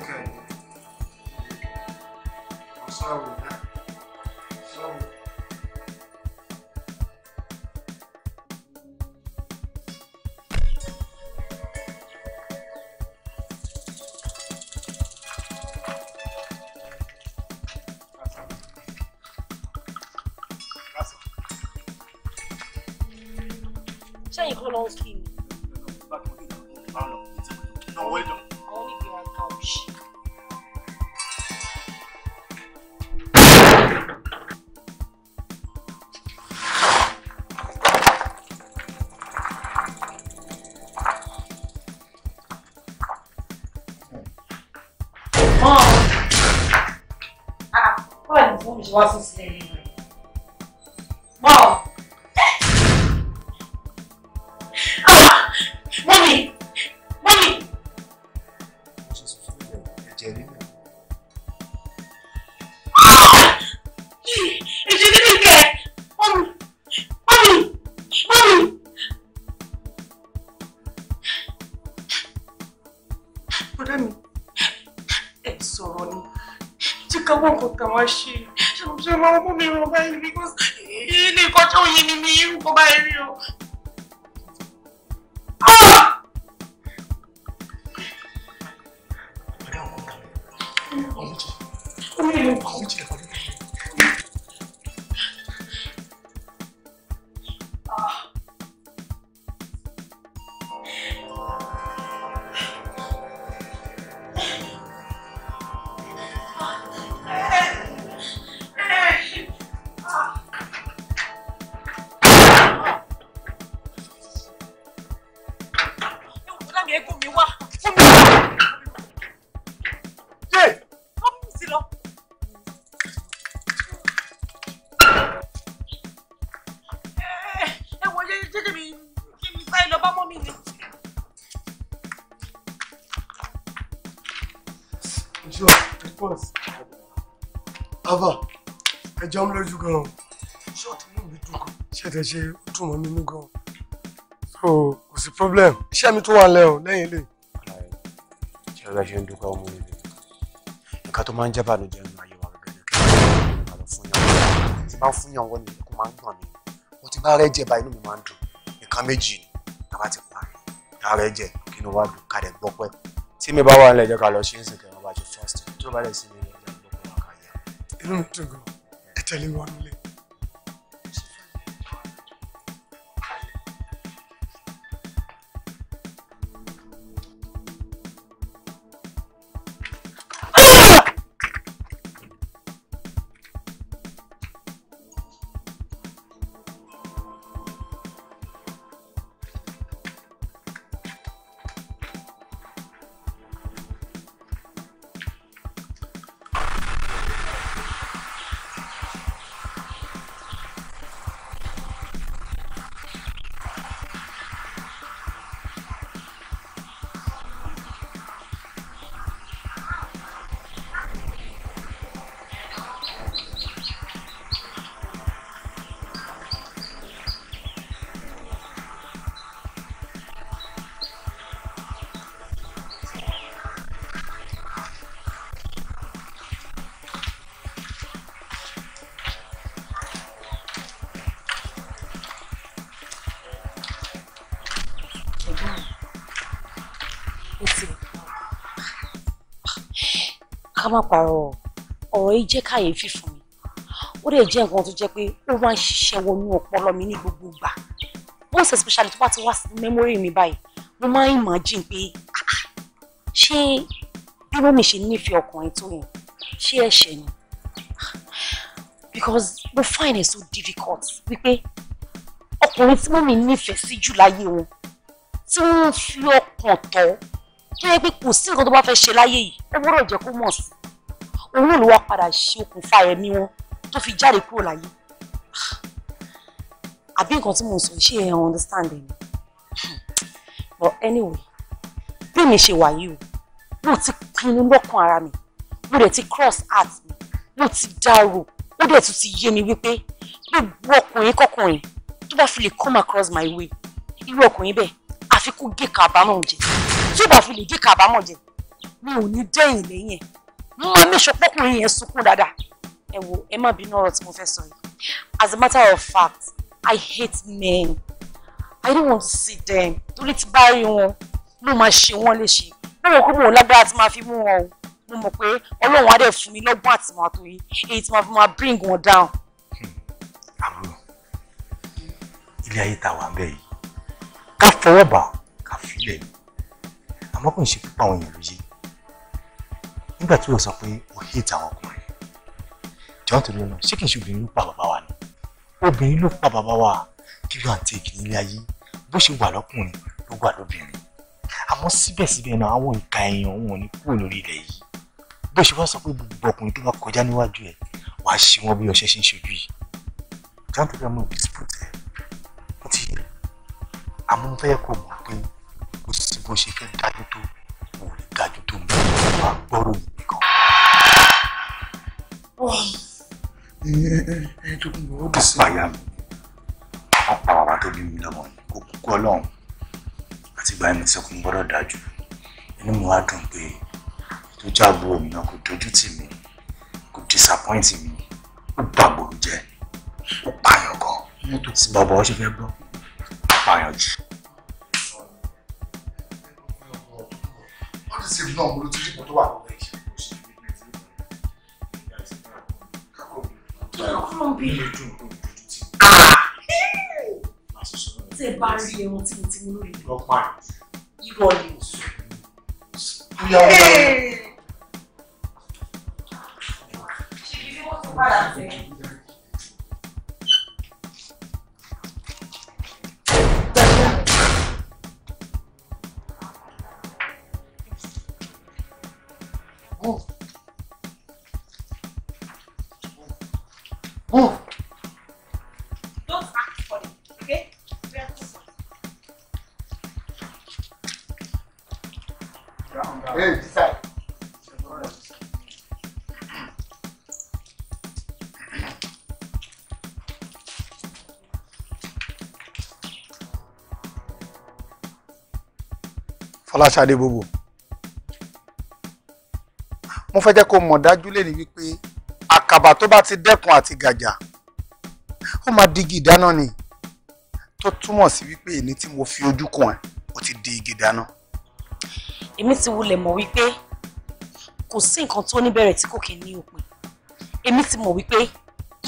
was sọ response. ava ẹ jọ ń lójú gan-an ṣọ́ọ̀tì inú mi dùn gan ṣẹ̀dẹ̀ ṣe ó dùn mọ́ nínú gan-an so kò sí problem iṣẹ́ mi tún wà lẹ́ o lẹ́yìn lè. ṣé ọlá ṣe ń dúpẹ́ ọmọ mi lè nǹkan tó máa ń jábà ló jẹ́ nínú ayé wa gẹ́gẹ́ bí kí wọ́n fún yàn wọ́n ti máa ń fún yàn wọ́n ní ẹ̀kọ́ máa ń gbọ̀n mi mo ti bá rẹ́ jẹ bá inú mi máa ń dùn nǹkan méjì ni tàbá ti parí dára ẹ jẹ kí ni wàá dùn kárẹ̀ gbọ́ pẹ́ tí mi bá wà ń lẹ̀ jẹ́ ká lọ ṣe é sìnkẹ́ tí wọ́n bá lè ṣe lè lọ́jà gbogbo ọkàn yẹn. inú mi dùn má parọ́ ọ̀rọ̀ yìí jẹ́ kàyéfì fún mi ó dẹ̀ jẹ́ nǹkan tó jẹ́ pé ó máa ń ṣiṣẹ́ wọnú ọpọlọ mi ní gbogbo ìgbà most especially tó bá ti wá sí memory mi báyìí mo máa ń imagine pé ah, ṣé bí mọ́mì ṣe nífẹ̀ẹ́ ọkùnrin tó yẹn ṣé ẹ̀ṣẹ̀ ni because mo find it so difficult wípé ọkùnrin tí mọ́mì nífẹ̀ẹ́ sí jù láyé wọn tí wọ́n fi ọkàn tọ́ tó yẹ pé kò sí nǹkan tó bá fẹ́ ṣe láyé yìí ó gbọ́dọ̀ jẹ́ kó mọ̀ sí i òun náà ló wá padà ṣe okùnfà ẹ̀mí wọn tó fi jáde kúrò láyé àbí nǹkan tí mo sọ ṣe ẹ understand ẹ but anyway bí mi ṣe wà yìí o mo ti pinnu lọ́kàn ara mi mo dẹ̀ ti cross heart mi mo ti dárò ó dẹ̀ tún ti yé mi wípé gbogbo ọkùnrin kọkùnrin tó bá fi lè come across my way irú ọkùnrin bẹ́ẹ̀ àfikún gé kábàámọ̀ jẹ tí ó bá fi lè gé kábàámọ̀ jẹ mi ò ní dẹ́yìn lẹ́yìn ẹ̀ mo máa mí ṣọpọkùnrin yẹn sunkún dáadáa ẹ wo ẹ má bínú ọ̀rọ̀ mo fẹ́ sọ as a matter of fact i hate men i don't want to see them torí ti bá rí wọn ló máa ṣe wọn léṣe no pé mo lágbára tí máa fi mú wọn o mo mọ̀ pé ọlọ́run á dẹ̀ fún mi lọ́gbọ́n àtìmọ́ àtòyí èyí tí máa fi máa bring wọn down. àbúrò ilé ayé tá a wà bẹ́ẹ̀ yìí ká fọwọ́ bá ká filẹ̀ àmọ́ kò ń ṣe pípa àwọn èèyàn lóye nígbà tí wọ́n sọ pé o hate àwọn ọkùnrin jọ́n torí ọ̀nà ṣé kìí ṣe obìnrin ló pa bàbá wa ni obìnrin ló pa bàbá wa kí wọ́n àti èkìní ilé ayé bó ṣe wà lọ́kùnrin ló wà lóbìnrin àmọ́ síbẹ̀síbẹ̀ náà àwọn ìka èèyàn wọn ní kúrò lórí ilẹ̀ yìí bó ṣe wá sọ pé gbogbo ọkùnrin tó bá kọjá níwájú ẹ̀ wàá ṣe wọn bí ọṣẹ ṣe ń ṣojú yìí jọ́n torí ọ̀nà òbí ti pọ̀ tẹ́ ó ti yẹ àmọ́ mo fẹ́ kó mọ̀ pé kò sí bó ṣe fẹ́ dájú tó kò dájú tó ń bọ̀ wá gbọ́rọ̀ yìí nìkan. ẹ ẹ dókun bọ̀ ó dì sí. àpáyà mi wọ́n pa bàbá tó bí mi lọ́mọ yìí kó kúkú ọlọ́run àti ìgbà mi sọ gbọ́dọ̀ dájú inú mi wá dùn pé tó jábọ̀ òun náà kò dojú tì mí kò disappoint mi ó gbàgbọ́ jẹ́ ó pààyàn gan-an tí bàbá ọ ṣe fẹ́ gbọ́ pààyàn jù. àpèsè náà mo ló ti rí ipò tó wà lọ́wọ́ yìí. tẹ bá rí ẹran tí mo ti mú lórí mi irọ́ ni mo sọ. ṣèbí bí wọ́n ti padà tẹ̀. Fọláṣadé Bòbò mo fẹ́ jẹ́ kó mọ̀ dájú lẹ́ni wípé àkàbà tó bá ti dẹ́kun àti gàjà ó máa digi ìdáná ni tó túmọ̀ sí wípé èní tí mo fi ojú kan ẹ̀ ó ti di igi ìdáná. èmi ti wulẹ̀ mọ̀ wípé kò sí nǹkan tó níbẹ̀rẹ̀ tí kò kí ní òpin èmi ti mọ̀ wípé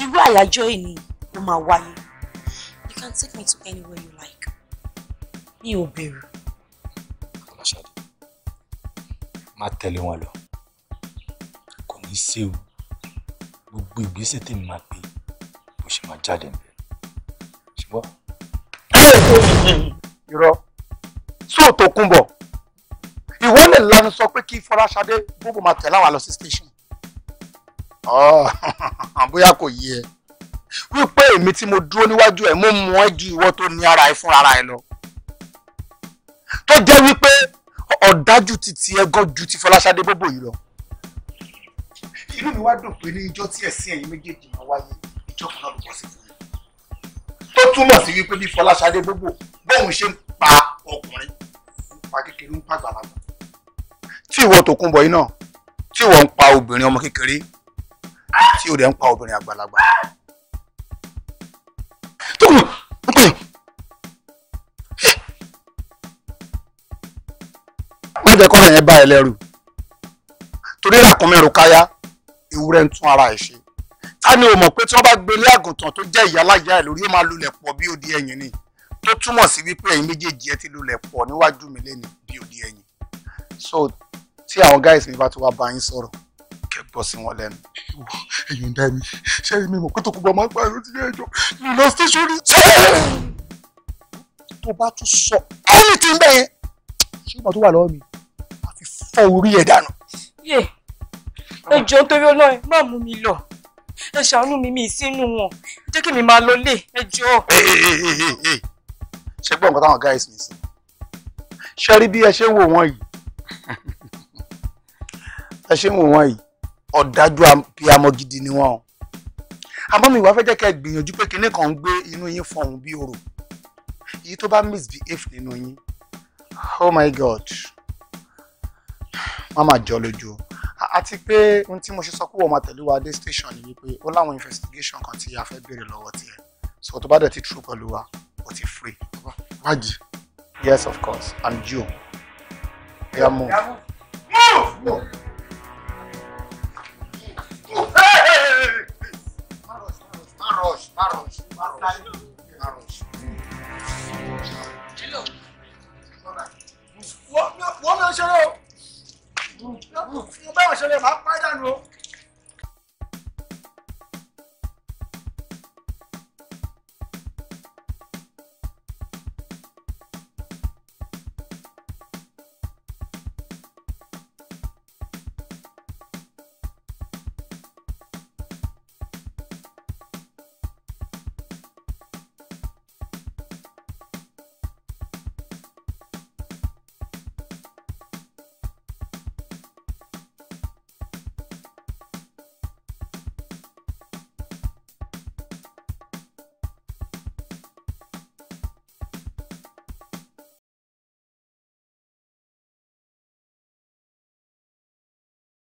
irú àyájọ́ èní ló máa wáyé you can take me to anywhere you like mi ò bẹ̀rù. á tẹ̀lé wọn lọ kò ní í ṣe o gbogbo ìgbésẹ̀ tèmi máa gbé bó ṣe máa jáde nbẹ ṣùgbọ́n. irọ́ sóòtò kúnbọ̀ ìwọ lè lanu sọ pé kí Fọláṣadé gbogbo máa tẹ̀lé àwọn lọ sí station bóyá kò yí ẹ wípé èmi tí mo dúró níwájú ẹ mo mọ ẹ ju ìwọ tó ní ara ẹ fún ara ẹ lọ tó jẹ́ wípé ọ̀dájú ti ti ẹgán ju ti Fọláṣadé bóbò yìí lọ. inú mi wá dùn pé ní ijọ́ tí ẹ̀sìn ẹ̀yin méjèèjì máa wáyé ìjọ kan náà ló bọ́ sí fún mi. tó túmọ̀ sí wípé bí Fọláṣadé bóbò bóun ṣe ń pa ọkùnrin ń pa kékeré ń pa gbàlagbà. tí ìwọ Tòkunbọ̀ yìí náà tí ìwọ ń pa obìnrin ọmọ kékeré tí ó dẹ̀ ń pa obìnrin àgbàlagbà jẹ́ kọ́rọ̀ yẹn bá ẹ lẹ́rù torí ràkúnmí ẹrù káyá ewúrẹ́ ń tún ara ẹ̀ ṣe ta ni o mọ̀ pé tí wọ́n bá gbélé àgùntàn tó jẹ́ ìyá láyà ẹ̀ lórí ó máa lulẹ̀ pọ̀ bí odi ẹ̀yìn ni tó túmọ̀ sí wípé ẹ̀yin méjèèjì ẹ ti lulẹ̀ pọ̀ níwájú mi lẹ́nu bí odi ẹ̀yìn so tí àwọn guys mi bá ti wá bá yín sọ̀rọ̀ kẹ́ gbọ́ sí wọn lẹ́nu. èyàn dá mi ṣé mi mọ̀ pé tó kú bọ́ máa ń pààrọ̀ ti yẹ ẹjọ́ mi lọ station rí. tó bá tún sọ fọ́ orí ẹ̀ dànù. yé ẹ jọ̀ọ́ nítorí Ọlọ́run má mú mi lọ ẹ ṣàánú mi mi sínú wọn jẹ́ kí mi máa lọ lé ẹ jọ̀ọ́. ṣe gbọ́ nǹkan táwọn guys mi sí ṣe rí bí ẹ ṣe ń wò wọ́n yìí ẹ ṣe ń wò wọ́n yìí ọ̀dájú abiyamọ gidi ni wọ́n o àmọ́ mi ìwà fẹ́ jẹ́ kẹ́ gbìyànjú pé kinní kan ń gbé inú yín fọhùn bí orò èyí tó bá misbehave nínú yín oh my god má má jọ lójú àti pé ohun tí mo ṣe sọ pé wọ́n máa tẹ̀lé wa dé station ni wípé ó láwọn investigation kan tí a fẹ́ béèrè lọ́wọ́ tiẹ̀ so tó bá dẹ̀ ti true pẹ̀lú wa ó ti free. wájì. yes of course and you. ẹ yà move. move. move. Maros, Maros, Maros, Maros. Hello. Wọ́n lọ ṣe lọ mo bá wọn ṣẹlẹ̀ máa pa dànù o.